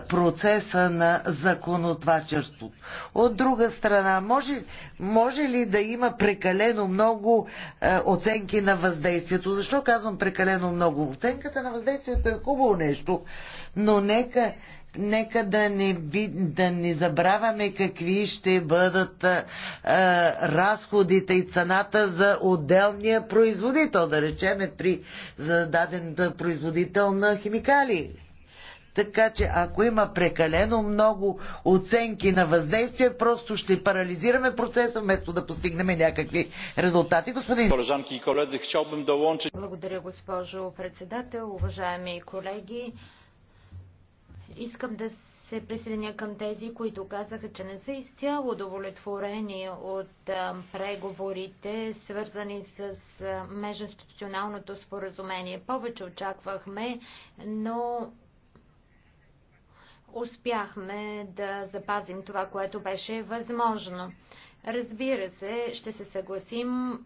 процеса на законотвачерство. От друга страна, може, може ли да има прекалено много е, оценки на въздействието? Защо казвам прекалено много? Оценката на въздействието е хубаво нещо, но нека, нека да, не би, да не забравяме какви ще бъдат е, разходите и цената за отделния производител, да речеме при зададен производител на химикали така че ако има прекалено много оценки на въздействие, просто ще парализираме процеса, вместо да постигнем някакви резултати. Господин... Колежанки и колеги, да dołączyć... Благодаря, госпожо председател, уважаеми колеги. Искам да се присъединя към тези, които казаха, че не са изцяло удовлетворени от преговорите, свързани с междуинституционалното споразумение. Повече очаквахме, но успяхме да запазим това, което беше възможно. Разбира се, ще се съгласим,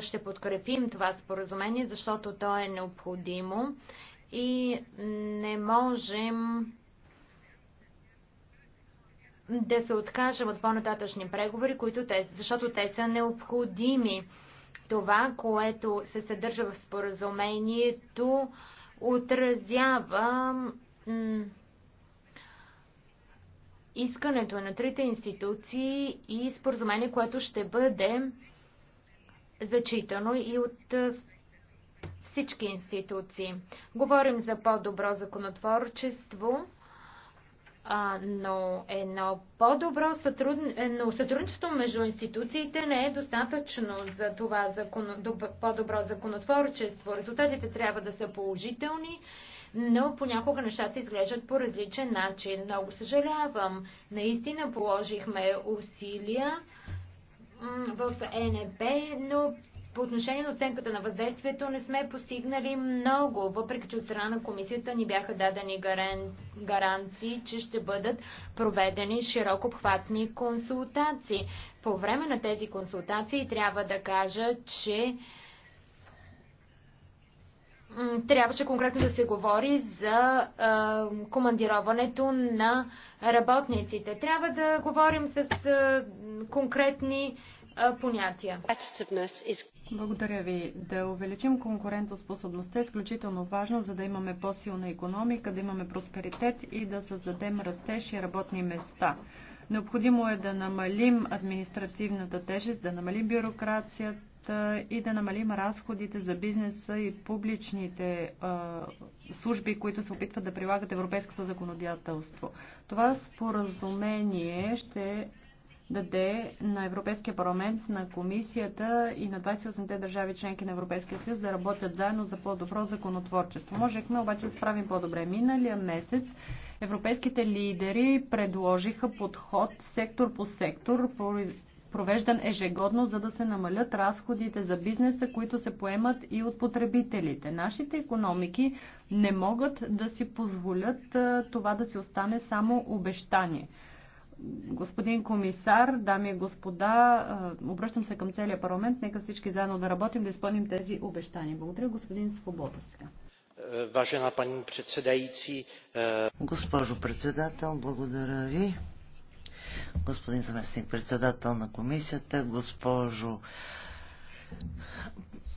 ще подкрепим това споразумение, защото то е необходимо и не можем да се откажем от по-нататъчни преговори, които те, защото те са необходими. Това, което се съдържа в споразумението, отразява искането е на трите институции и споразумение, което ще бъде зачитано и от всички институции. Говорим за по-добро законотворчество, но едно по-добро е, сътрудничество между институциите не е достатъчно за това закон... по-добро законотворчество. Резултатите трябва да са положителни но понякога нещата изглеждат по различен начин. Много съжалявам. Наистина положихме усилия в ЕНП, но по отношение на оценката на въздействието не сме постигнали много, въпреки че от страна на комисията ни бяха дадени гаран... гаранции, че ще бъдат проведени широко обхватни консултации. По време на тези консултации трябва да кажа, че трябваше конкретно да се говори за а, командироването на работниците. Трябва да говорим с а, конкретни а, понятия. Благодаря ви. Да увеличим конкурентоспособността е изключително важно, за да имаме по-силна економика, да имаме просперитет и да създадем растеж и работни места. Необходимо е да намалим административната тежест, да намалим бюрокрацията, и да намалим разходите за бизнеса и публичните служби, които се опитват да прилагат европейското законодателство. Това споразумение ще даде на Европейския парламент, на комисията и на 28-те държави членки на Европейския съюз да работят заедно за по-добро законотворчество. Можехме обаче да справим по-добре. Миналия месец европейските лидери предложиха подход сектор по сектор провеждан ежегодно, за да се намалят разходите за бизнеса, които се поемат и от потребителите. Нашите економики не могат да си позволят това да си остане само обещание. Господин комисар, дами и господа, обръщам се към целия парламент. Нека всички заедно да работим, да изпълним тези обещания. Благодаря, господин Свобода сега. Е, важена пани е, Госпожо председател, благодаря ви господин заместник председател на комисията, госпожо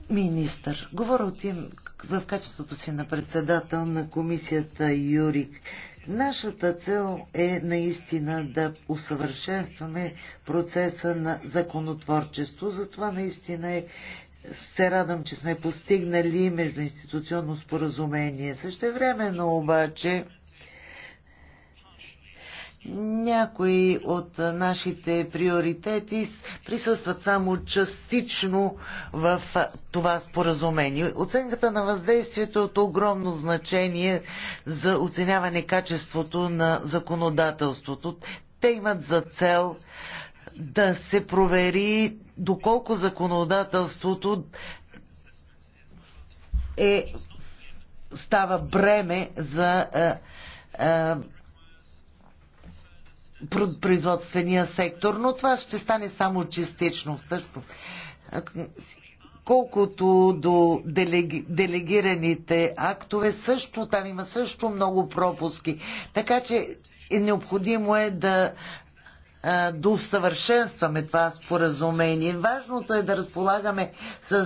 министър. Говоря от им в качеството си на председател на комисията Юрик. Нашата цел е наистина да усъвършенстваме процеса на законотворчество. Затова наистина е се радвам, че сме постигнали междуинституционно споразумение. Също времено обаче някои от нашите приоритети присъстват само частично в това споразумение. Оценката на въздействието е от огромно значение за оценяване качеството на законодателството. Те имат за цел да се провери доколко законодателството е става бреме за е, е, производствения сектор, но това ще стане само частично. също. колкото до делеги, делегираните актове, също там има също много пропуски. Така че е необходимо е да усъвършенстваме това споразумение. Важното е да разполагаме с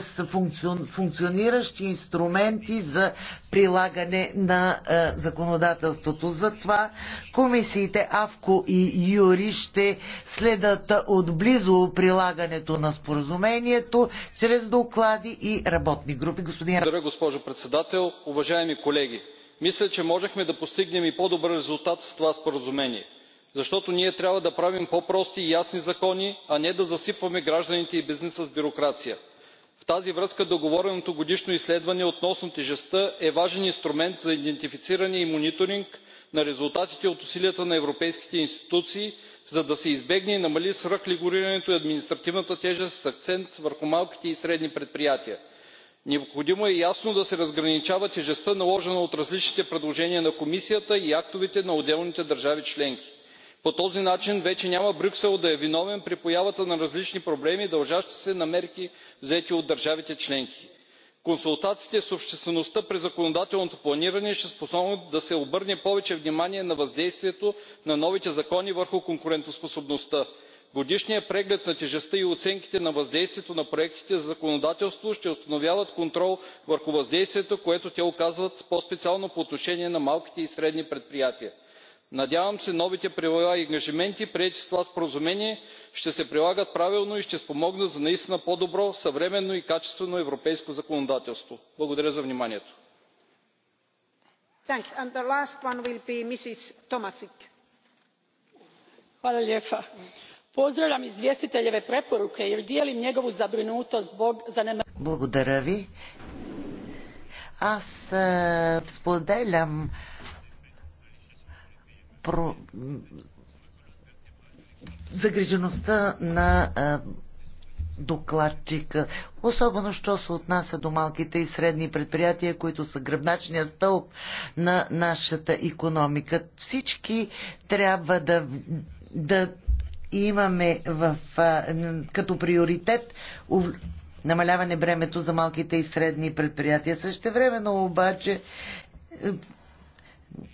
функциониращи инструменти за прилагане на законодателството. Затова комисиите АВКО и ЮРИ ще следат отблизо прилагането на споразумението чрез доклади и работни групи. Господин... Благодаря, госпожо председател. Уважаеми колеги, мисля, че можехме да постигнем и по-добър резултат с това споразумение защото ние трябва да правим по прости и ясни закони а не да засипваме гражданите и бизнеса с бюрокрация. в тази връзка договореното годишно изследване относно тежестта е важен инструмент за идентифициране и мониторинг на резултатите от усилията на европейските институции за да се избегне и намали свръхрегулирането и административната тежест с акцент върху малките и средни предприятия. необходимо е ясно да се разграничава тежестта наложена от различните предложения на комисията и актовете на отделните държави членки по този начин вече няма брюксел да е виновен при появата на различни проблеми дължащи се на мерки взети от държавите членки. консултациите с обществеността при законодателното планиране ще спомогнат да се обърне повече внимание на въздействието на новите закони върху конкурентоспособността. годишният преглед на тежестта и оценките на въздействието на проектите за законодателство ще установяват контрол върху въздействието което те оказват по специално по отношение на малките и средни предприятия надявам се новите правила и ангажименти приети с това споразумение ще се прилагат правилно и ще спомогнат за наистина по добро съвременно и качествено европейско законодателство. благодаря за вниманието. pozdravljam izvjestiteljeve preporuke jer dijelim njegovu zabrinutost zbog zanemarivanja. аз е, споделям про... загрижеността на а, докладчика, особено що се отнася до малките и средни предприятия, които са гръбначния стълб на нашата економика. Всички трябва да, да имаме в, а, като приоритет намаляване бремето за малките и средни предприятия. Същевременно обаче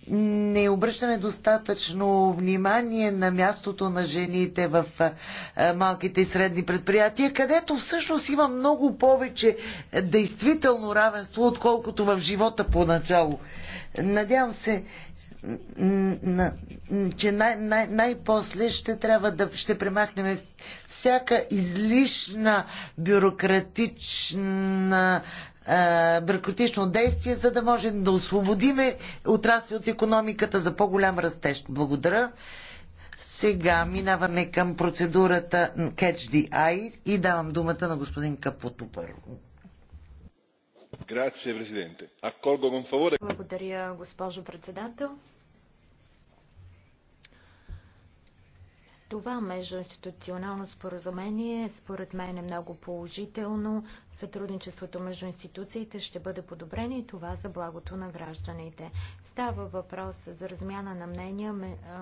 не обръщаме достатъчно внимание на мястото на жените в малките и средни предприятия, където всъщност има много повече действително равенство, отколкото в живота поначало. Надявам се, че най- най- най-после ще трябва да ще премахнем всяка излишна бюрократична бюрократично действие, за да можем да освободиме отрасли от економиката за по-голям растеж. Благодаря. Сега минаваме към процедурата Catch the Eye и давам думата на господин Капуто първо. Благодаря, госпожо председател. Това междуинституционално споразумение според мен е много положително. Сътрудничеството между институциите ще бъде подобрено и това за благото на гражданите. Става въпрос за размяна на мнения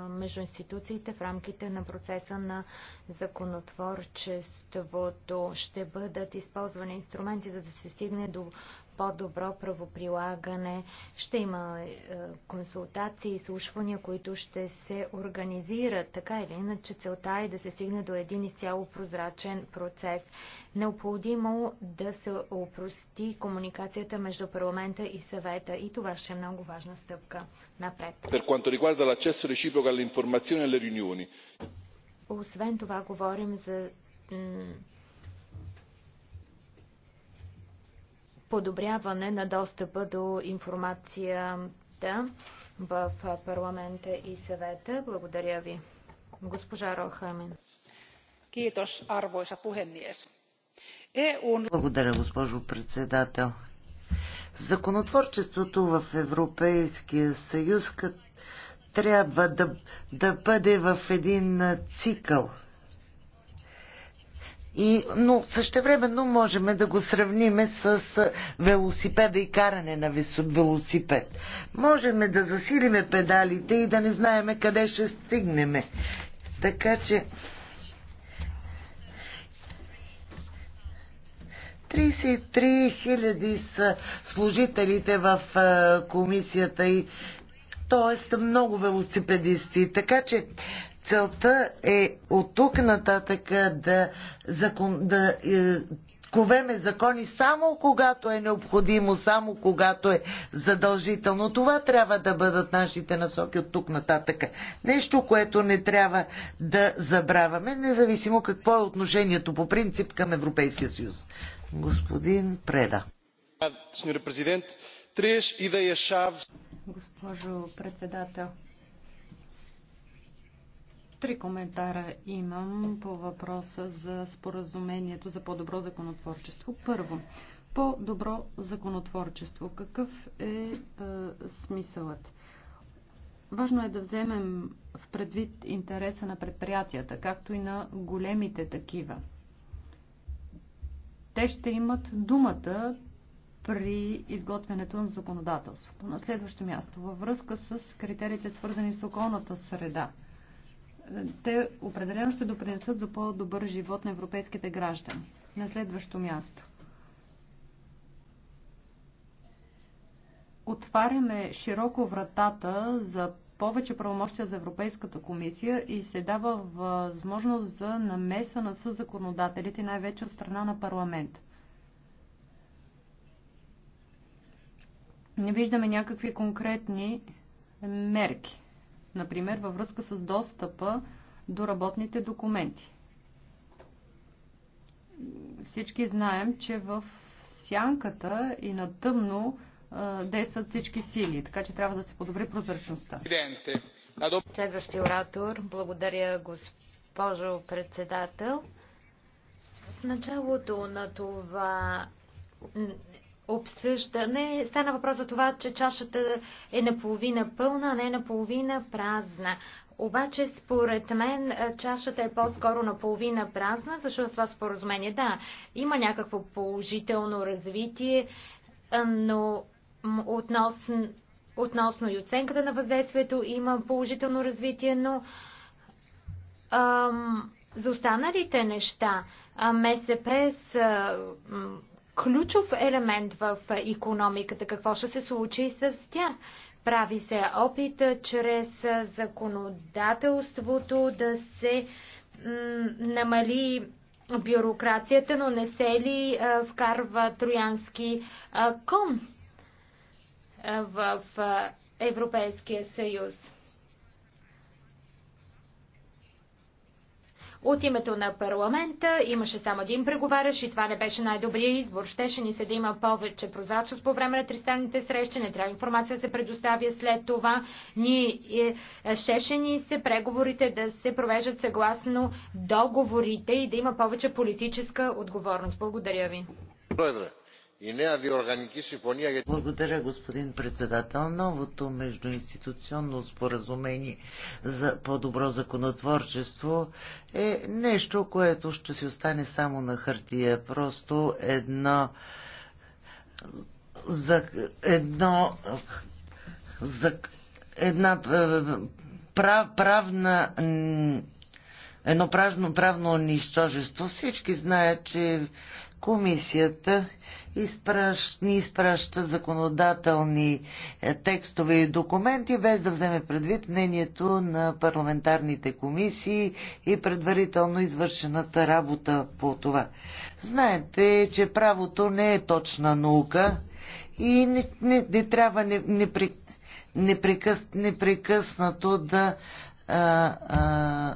между институциите в рамките на процеса на законотворчеството. Ще бъдат използвани инструменти, за да се стигне до по-добро правоприлагане. Ще има е, консултации и слушвания, които ще се организират. Така или иначе, целта е да се стигне до един изцяло прозрачен процес. Необходимо да се опрости комуникацията между парламента и съвета и това ще е много важна стъпка напред. Per quanto riguarda l'accesso reciproco alle informazioni e alle riunioni. Освен това, говорим за подобряване на достъпа до информацията в парламента и съвета. Благодаря ви. Госпожа Рохамин. Kiitos, arvoisa puhemies. EUn... Благодаря, госпожо председател. Законотворчеството в Европейския съюз трябва да, да бъде в един цикъл – и, но същевременно можем да го сравниме с велосипеда и каране на велосипед. Можем да засилиме педалите и да не знаеме къде ще стигнем. Така че 33 хиляди са служителите в комисията и т.е. много велосипедисти. Така че целта е от тук нататък да, закон, да е, ковеме закони само когато е необходимо, само когато е задължително. Това трябва да бъдат нашите насоки от тук нататък. Нещо, което не трябва да забравяме, независимо какво е отношението по принцип към Европейския съюз. Господин Преда госпожо председател. Три коментара имам по въпроса за споразумението за по-добро законотворчество. Първо, по-добро законотворчество. Какъв е, е смисълът? Важно е да вземем в предвид интереса на предприятията, както и на големите такива. Те ще имат думата при изготвянето на законодателството. На следващо място, във връзка с критериите, свързани с околната среда, те определено ще допринесат за по-добър живот на европейските граждани. На следващо място. Отваряме широко вратата за повече правомощия за Европейската комисия и се дава възможност за намеса на съзаконодателите, най-вече от страна на парламента. не виждаме някакви конкретни мерки. Например, във връзка с достъпа до работните документи. Всички знаем, че в сянката и на тъмно действат всички сили, така че трябва да се подобри прозрачността. Следващия оратор. Благодаря, госпожо председател. В началото на това обсъждане стана въпрос за това, че чашата е наполовина пълна, а не наполовина празна. Обаче, според мен, чашата е по-скоро наполовина празна, защото това споразумение, да, има някакво положително развитие, но относно, относно и оценката на въздействието има положително развитие, но ам, за останалите неща МСП са ключов елемент в економиката. Какво ще се случи с тях? Прави се опит чрез законодателството да се намали бюрокрацията, но не се ли а, вкарва троянски а, кон а, в Европейския съюз? От името на парламента имаше само един преговарящ и това не беше най добрия избор. Щеше ни се да има повече прозрачност по време на тристанните срещи, не трябва информация да се предоставя след това. е, щеше ни се преговорите да се провеждат съгласно договорите и да има повече политическа отговорност. Благодаря ви. Благодаря. Благодаря, господин председател. Новото междуинституционно споразумение за по-добро законотворчество е нещо, което ще си остане само на хартия. Просто едно, за, едно за, една е, прав, правна едно правно, правно нищожество. Всички знаят, че комисията изпращ, ни изпраща законодателни е, текстове и документи, без да вземе предвид мнението на парламентарните комисии и предварително извършената работа по това. Знаете, че правото не е точна наука и не, не, не трябва непрекъснато непрекъс, непрекъснато да а, а,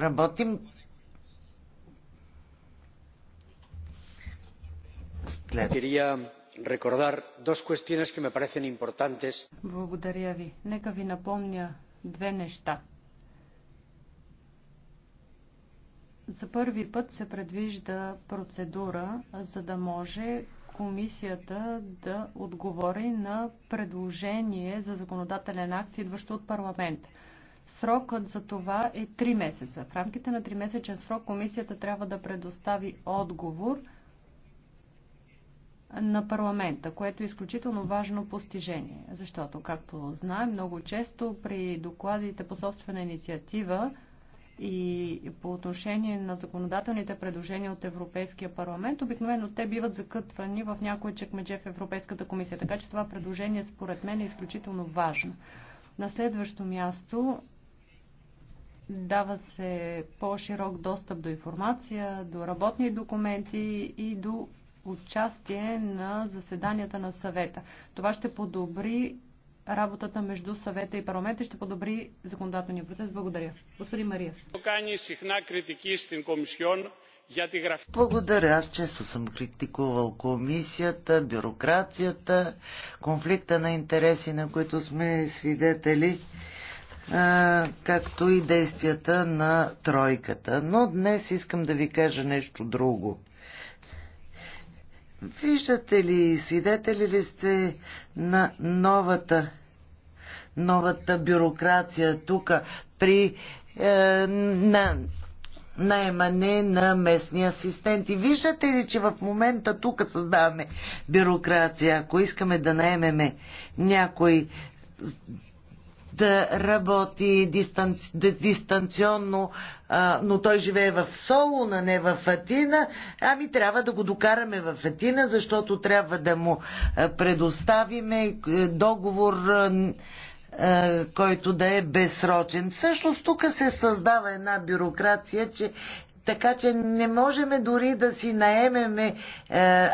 работим Благодаря ви. Нека ви напомня две неща. За първи път се предвижда процедура, за да може комисията да отговори на предложение за законодателен акт, идващо от парламент. Срокът за това е 3 месеца. В рамките на 3 месечен срок комисията трябва да предостави отговор – на парламента, което е изключително важно постижение. Защото, както знаем, много често при докладите по собствена инициатива и по отношение на законодателните предложения от Европейския парламент, обикновено те биват закътвани в някой чекмедже в Европейската комисия. Така че това предложение според мен е изключително важно. На следващо място дава се по-широк достъп до информация, до работни документи и до участие на заседанията на съвета. Това ще подобри работата между съвета и парламента и ще подобри законодателния процес. Благодаря. Господин Мариас. Благодаря. Аз често съм критикувал комисията, бюрокрацията, конфликта на интереси, на които сме свидетели, както и действията на тройката. Но днес искам да ви кажа нещо друго. Виждате ли, свидетели ли сте на новата, новата бюрокрация тук при е, на, наемане на местни асистенти. Виждате ли, че в момента тук създаваме бюрокрация. Ако искаме да наемеме някой да работи дистанци, дистанционно, а, но той живее в Соло, а не в Атина. Ами трябва да го докараме в Атина, защото трябва да му предоставиме е, договор който да е безсрочен. Също тук се създава една бюрокрация, че така че не можем дори да си наемеме е,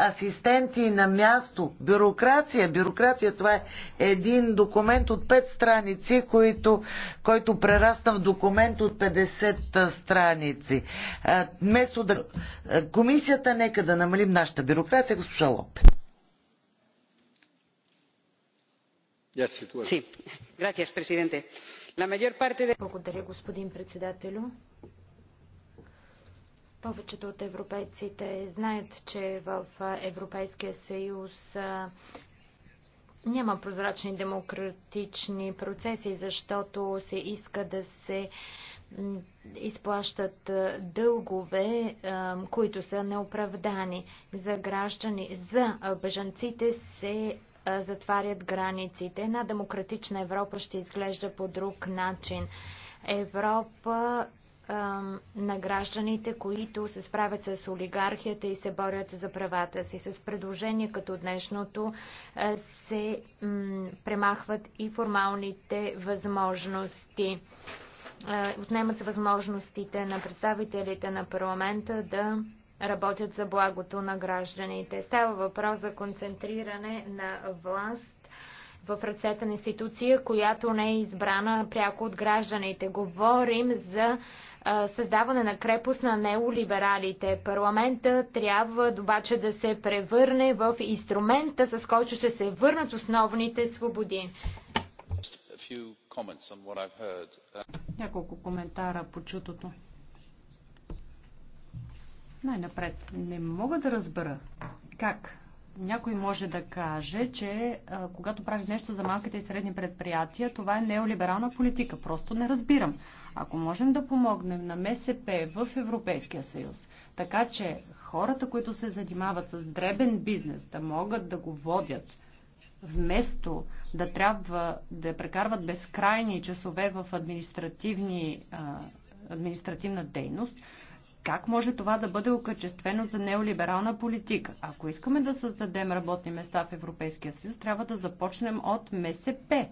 асистенти на място. Бюрокрация, бюрокрация, това е един документ от 5 страници, който, който прераста в документ от 50 страници. Е, место да... Е, комисията, нека да намалим нашата бюрокрация, госпожа Лопе. Благодаря, господин председателю. Повечето от европейците знаят, че в Европейския съюз няма прозрачни демократични процеси, защото се иска да се изплащат дългове, които са неоправдани. За граждани, за бежанците се затварят границите. Една демократична Европа ще изглежда по друг начин. Европа на гражданите, които се справят с олигархията и се борят за правата си. С предложение като днешното се премахват и формалните възможности. Отнемат се възможностите на представителите на парламента да работят за благото на гражданите. Става въпрос за концентриране на власт в ръцете на институция, която не е избрана пряко от гражданите. Говорим за създаване на крепост на неолибералите. Парламента трябва обаче да се превърне в инструмента, с който ще се върнат основните свободи. Няколко коментара по чутото. Най-напред, не мога да разбера как някой може да каже, че а, когато правиш нещо за малките и средни предприятия, това е неолиберална политика. Просто не разбирам. Ако можем да помогнем на МСП в Европейския съюз, така че хората, които се занимават с дребен бизнес, да могат да го водят, вместо да трябва да прекарват безкрайни часове в административни, а, административна дейност, как може това да бъде окачествено за неолиберална политика? Ако искаме да създадем работни места в Европейския съюз, трябва да започнем от МСП.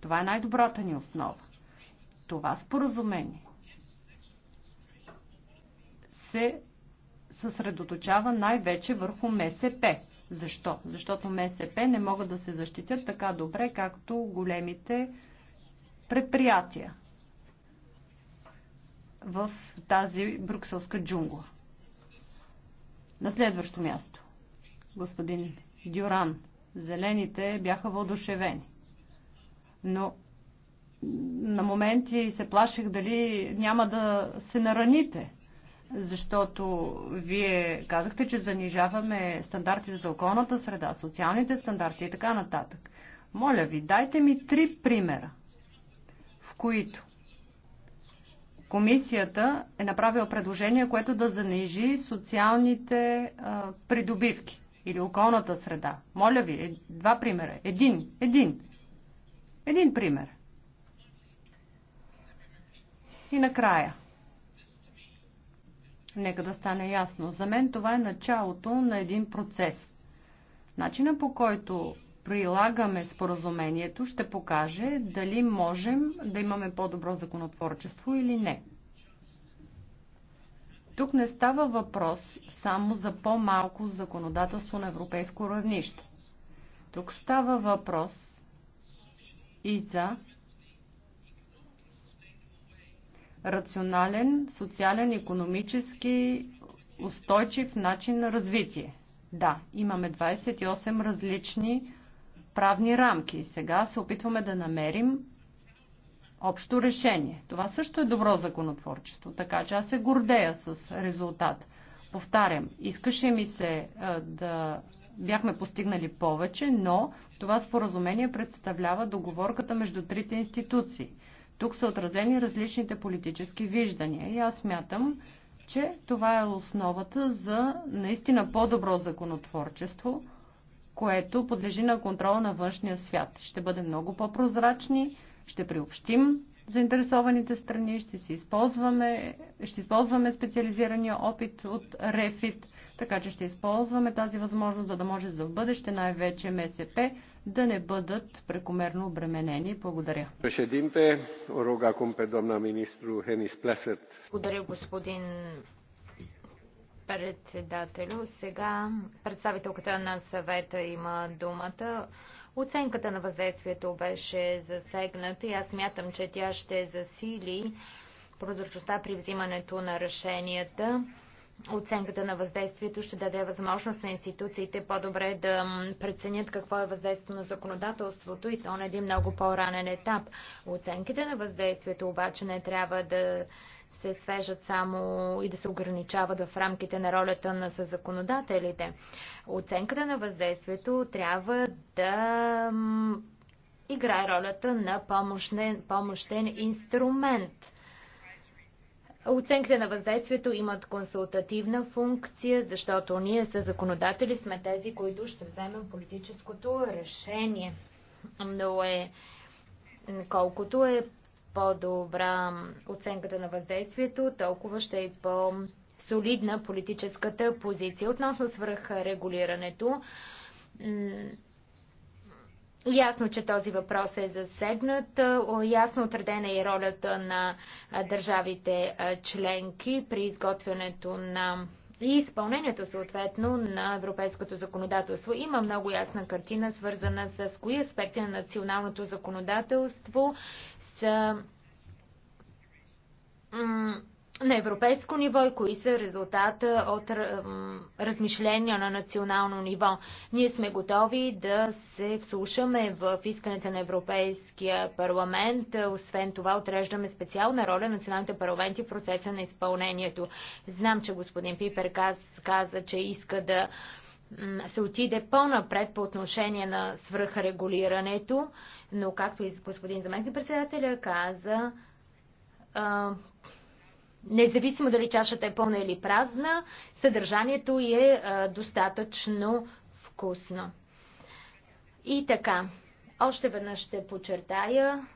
Това е най-добрата ни основа. Това споразумение се съсредоточава най-вече върху МСП. Защо? Защото МСП не могат да се защитят така добре, както големите предприятия в тази брюкселска джунгла. На следващо място, господин Дюран, зелените бяха въодушевени. Но на моменти се плаших дали няма да се нараните, защото вие казахте, че занижаваме стандартите за околната среда, социалните стандарти и така нататък. Моля ви, дайте ми три примера, в които Комисията е направила предложение, което да занижи социалните а, придобивки или околната среда. Моля ви, е, два примера. Един, един. Един пример. И накрая. Нека да стане ясно. За мен това е началото на един процес. Начина по който прилагаме споразумението, ще покаже дали можем да имаме по-добро законотворчество или не. Тук не става въпрос само за по-малко законодателство на европейско равнище. Тук става въпрос и за рационален, социален, економически устойчив начин на развитие. Да, имаме 28 различни правни рамки. Сега се опитваме да намерим общо решение. Това също е добро законотворчество, така че аз се гордея с резултат. Повтарям, искаше ми се е, да бяхме постигнали повече, но това споразумение представлява договорката между трите институции. Тук са отразени различните политически виждания и аз смятам, че това е основата за наистина по-добро законотворчество, което подлежи на контрола на външния свят. Ще бъдем много по-прозрачни, ще приобщим заинтересованите страни, ще, си използваме, ще използваме специализирания опит от Рефит, така че ще използваме тази възможност, за да може за в бъдеще най-вече МСП да не бъдат прекомерно обременени. Благодаря. Благодаря, господин председателю. Сега представителката на съвета има думата. Оценката на въздействието беше засегната и аз мятам, че тя ще засили прозрачността при взимането на решенията. Оценката на въздействието ще даде възможност на институциите по-добре да преценят какво е въздействието на законодателството и то на един много по-ранен етап. Оценките на въздействието обаче не трябва да се свежат само и да се ограничават в рамките на ролята на законодателите. Оценката на въздействието трябва да играе ролята на помощен, помощен инструмент. Оценките на въздействието имат консултативна функция, защото ние са законодатели сме тези, които ще вземем политическото решение. Но е колкото е по-добра оценката на въздействието, толкова ще е по- солидна политическата позиция. Относно свръхрегулирането, Ясно, че този въпрос е засегнат. Ясно отредена е и ролята на държавите членки при изготвянето на и изпълнението съответно на европейското законодателство. Има много ясна картина, свързана с кои аспекти на националното законодателство са на европейско ниво и кои са резултата от размишления на национално ниво. Ние сме готови да се вслушаме в искането на Европейския парламент. Освен това, отреждаме специална роля на националните парламенти в процеса на изпълнението. Знам, че господин Пипер каза, че иска да се отиде по-напред по отношение на свръхрегулирането, но както и господин заместник председателя каза, независимо дали чашата е пълна или празна, съдържанието е достатъчно вкусно. И така, още веднъж ще подчертая,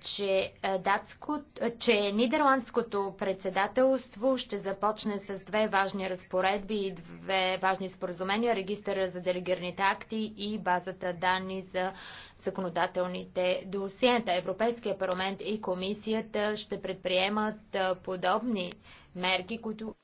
че, е, датско, е, че нидерландското председателство ще започне с две важни разпоредби и две важни споразумения регистъра за делегираните акти и базата данни за законодателните досиента. Европейския парламент и комисията ще предприемат е, подобни мерки, които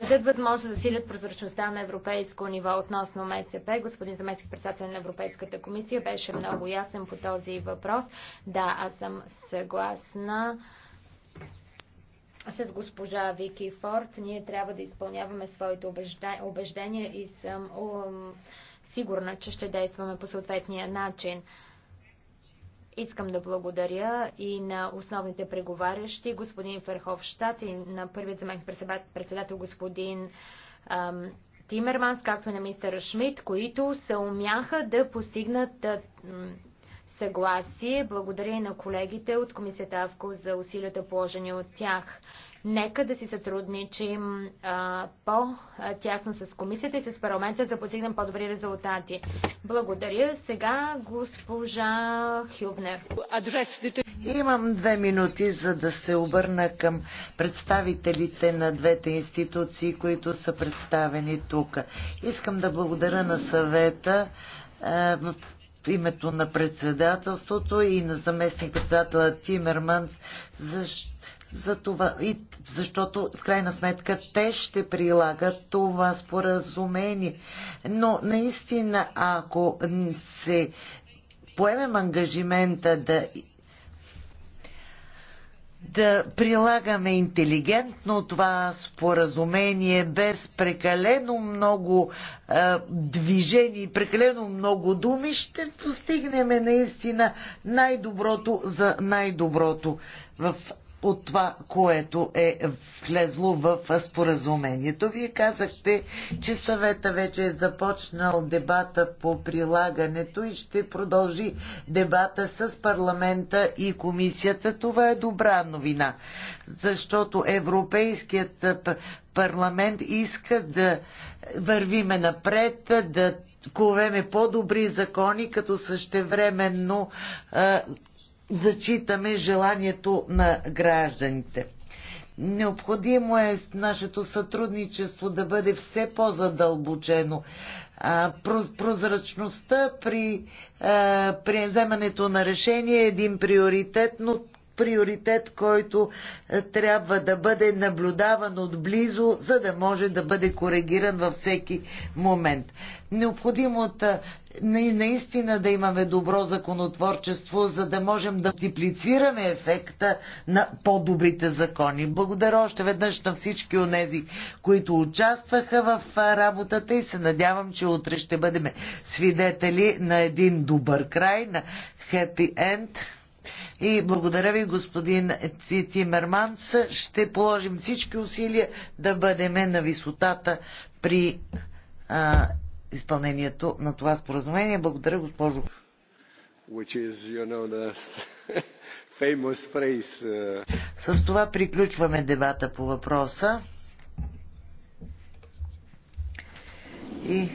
дадат възможност да засилят прозрачността на европейско ниво относно МСП. Господин заместник председател на Европейската комисия беше много ясен по този въпрос. Да, аз съм съгласна с госпожа Вики Форд. Ние трябва да изпълняваме своите убеждения и съм сигурна, че ще действаме по съответния начин. Искам да благодаря и на основните преговарящи, господин Штат и на първият заместник председател господин ам, Тимерманс, както и на мистер Шмидт, които се умяха да постигнат съгласие. Благодаря и на колегите от комисията АВКО за усилията положени от тях. Нека да си сътрудничим по-тясно с комисията и с парламента, за да постигнем по-добри резултати. Благодаря. Сега госпожа Хюбнер. Имам две минути, за да се обърна към представителите на двете институции, които са представени тук. Искам да благодаря на съвета името на председателството и на заместник председателя Тимерманс, защ, за това, и, защото в крайна сметка те ще прилагат това споразумение. Но наистина, ако се поемем ангажимента да да прилагаме интелигентно това споразумение без прекалено много е, движение и прекалено много думи, ще постигнем наистина най-доброто за най-доброто в от това, което е влезло в споразумението. Вие казахте, че съвета вече е започнал дебата по прилагането и ще продължи дебата с парламента и комисията. Това е добра новина, защото Европейският парламент иска да вървиме напред, да ковеме по-добри закони, като същевременно зачитаме желанието на гражданите. Необходимо е нашето сътрудничество да бъде все по-задълбочено. Прозрачността при, вземането на решение е един приоритет, но приоритет, който е, трябва да бъде наблюдаван отблизо, за да може да бъде коригиран във всеки момент. Необходимото е, наистина да имаме добро законотворчество, за да можем да мултиплицираме ефекта на по-добрите закони. Благодаря още веднъж на всички тези, които участваха в е, работата и се надявам, че утре ще бъдем свидетели на един добър край, на хепи енд. И благодаря ви, господин Тимерманс. Ще положим всички усилия да бъдем на висотата при а, изпълнението на това споразумение. Благодаря, госпожо. Which is, you know, the famous phrase, uh... С това приключваме дебата по въпроса. И